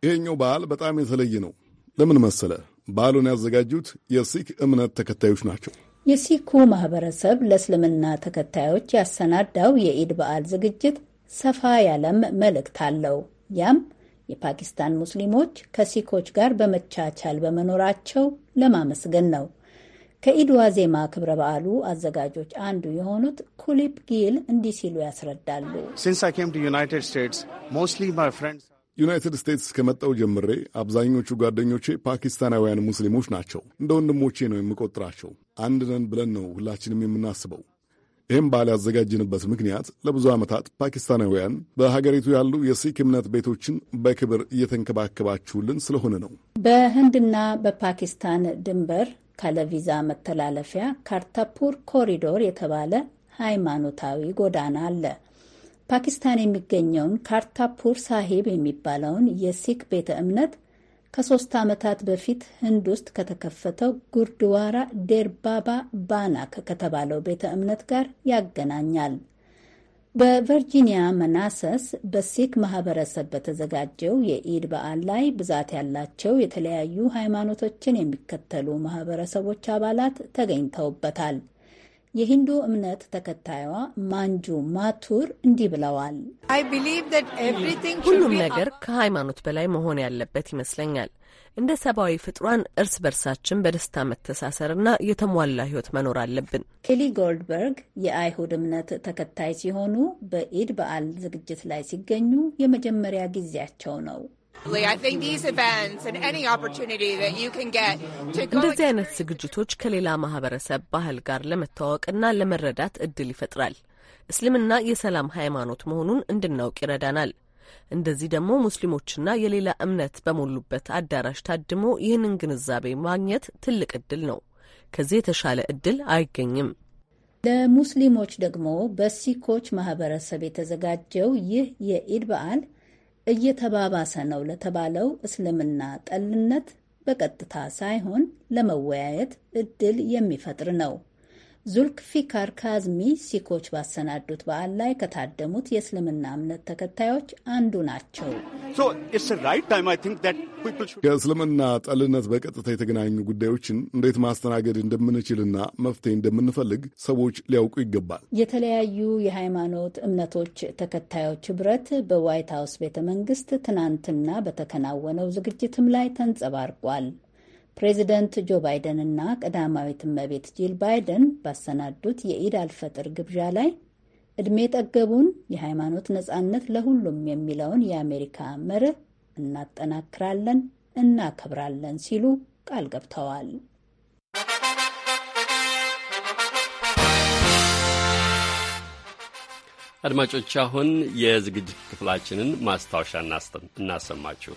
ይህኛው በዓል በጣም የተለየ ነው። ለምን መሰለ? በዓሉን ያዘጋጁት የሲክ እምነት ተከታዮች ናቸው። የሲኩ ማህበረሰብ ለእስልምና ተከታዮች ያሰናዳው የኢድ በዓል ዝግጅት ሰፋ ያለም መልእክት አለው። ያም የፓኪስታን ሙስሊሞች ከሲኮች ጋር በመቻቻል በመኖራቸው ለማመስገን ነው። ከኢድ ዋዜማ ክብረ በዓሉ አዘጋጆች አንዱ የሆኑት ኩሊፕ ጊል እንዲህ ሲሉ ያስረዳሉ። ዩናይትድ ስቴትስ ከመጣው ጀምሬ አብዛኞቹ ጓደኞቼ ፓኪስታናውያን ሙስሊሞች ናቸው። እንደ ወንድሞቼ ነው የምቆጥራቸው። አንድ ነን ብለን ነው ሁላችንም የምናስበው። ይህም በዓል ያዘጋጅንበት ምክንያት ለብዙ ዓመታት ፓኪስታናውያን በሀገሪቱ ያሉ የሲክ እምነት ቤቶችን በክብር እየተንከባከባችሁልን ስለሆነ ነው። በህንድና በፓኪስታን ድንበር ካለ ቪዛ መተላለፊያ ካርታፑር ኮሪዶር የተባለ ሃይማኖታዊ ጎዳና አለ። ፓኪስታን የሚገኘውን ካርታፑር ሳሂብ የሚባለውን የሲክ ቤተ እምነት ከሶስት ዓመታት በፊት ህንድ ውስጥ ከተከፈተው ጉርድዋራ ዴርባባ ባናክ ከተባለው ቤተ እምነት ጋር ያገናኛል። በቨርጂኒያ መናሰስ በሴክ ማህበረሰብ በተዘጋጀው የኢድ በዓል ላይ ብዛት ያላቸው የተለያዩ ሃይማኖቶችን የሚከተሉ ማህበረሰቦች አባላት ተገኝተውበታል። የሂንዱ እምነት ተከታዩዋ ማንጁ ማቱር እንዲህ ብለዋል። ሁሉም ነገር ከሃይማኖት በላይ መሆን ያለበት ይመስለኛል። እንደ ሰብአዊ ፍጥሯን እርስ በርሳችን በደስታ መተሳሰርና የተሟላ ህይወት መኖር አለብን። ኬሊ ጎልድበርግ የአይሁድ እምነት ተከታይ ሲሆኑ በኢድ በዓል ዝግጅት ላይ ሲገኙ የመጀመሪያ ጊዜያቸው ነው። እንደዚህ አይነት ዝግጅቶች ከሌላ ማህበረሰብ ባህል ጋር ለመተዋወቅና ለመረዳት እድል ይፈጥራል። እስልምና የሰላም ሃይማኖት መሆኑን እንድናውቅ ይረዳናል። እንደዚህ ደግሞ ሙስሊሞችና የሌላ እምነት በሞሉበት አዳራሽ ታድሞ ይህንን ግንዛቤ ማግኘት ትልቅ እድል ነው። ከዚህ የተሻለ እድል አይገኝም። ለሙስሊሞች ደግሞ በሲኮች ማህበረሰብ የተዘጋጀው ይህ የኢድ በዓል እየተባባሰ ነው ለተባለው እስልምና ጠልነት በቀጥታ ሳይሆን ለመወያየት እድል የሚፈጥር ነው። ዙልክፊካር ካዝሚ ሲኮች ባሰናዱት በዓል ላይ ከታደሙት የእስልምና እምነት ተከታዮች አንዱ ናቸው። ከእስልምና ጠልነት በቀጥታ የተገናኙ ጉዳዮችን እንዴት ማስተናገድ እንደምንችልና መፍትሄ እንደምንፈልግ ሰዎች ሊያውቁ ይገባል። የተለያዩ የሃይማኖት እምነቶች ተከታዮች ህብረት በዋይት ሀውስ ቤተ መንግስት ትናንትና በተከናወነው ዝግጅትም ላይ ተንጸባርቋል። ፕሬዚደንት ጆ ባይደን እና ቀዳማዊት እመቤት ጂል ባይደን ባሰናዱት የኢድ አልፈጥር ግብዣ ላይ እድሜ ጠገቡን የሃይማኖት ነጻነት ለሁሉም የሚለውን የአሜሪካ መርህ እናጠናክራለን፣ እናከብራለን ሲሉ ቃል ገብተዋል። አድማጮች፣ አሁን የዝግጅት ክፍላችንን ማስታወሻ እናሰማችሁ።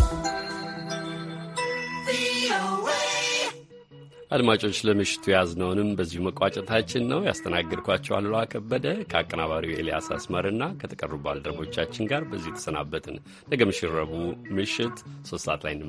አድማጮች ለምሽቱ ያዝነውንም በዚሁ መቋጨታችን ነው። ያስተናገድኳቸው አሉላ ከበደ ከአቀናባሪው ኤልያስ አስመርና ከተቀሩ ባልደረቦቻችን ጋር በዚሁ ተሰናበትን። ነገ ምሽት ረቡዕ ምሽት ሶስት ሰዓት ላይ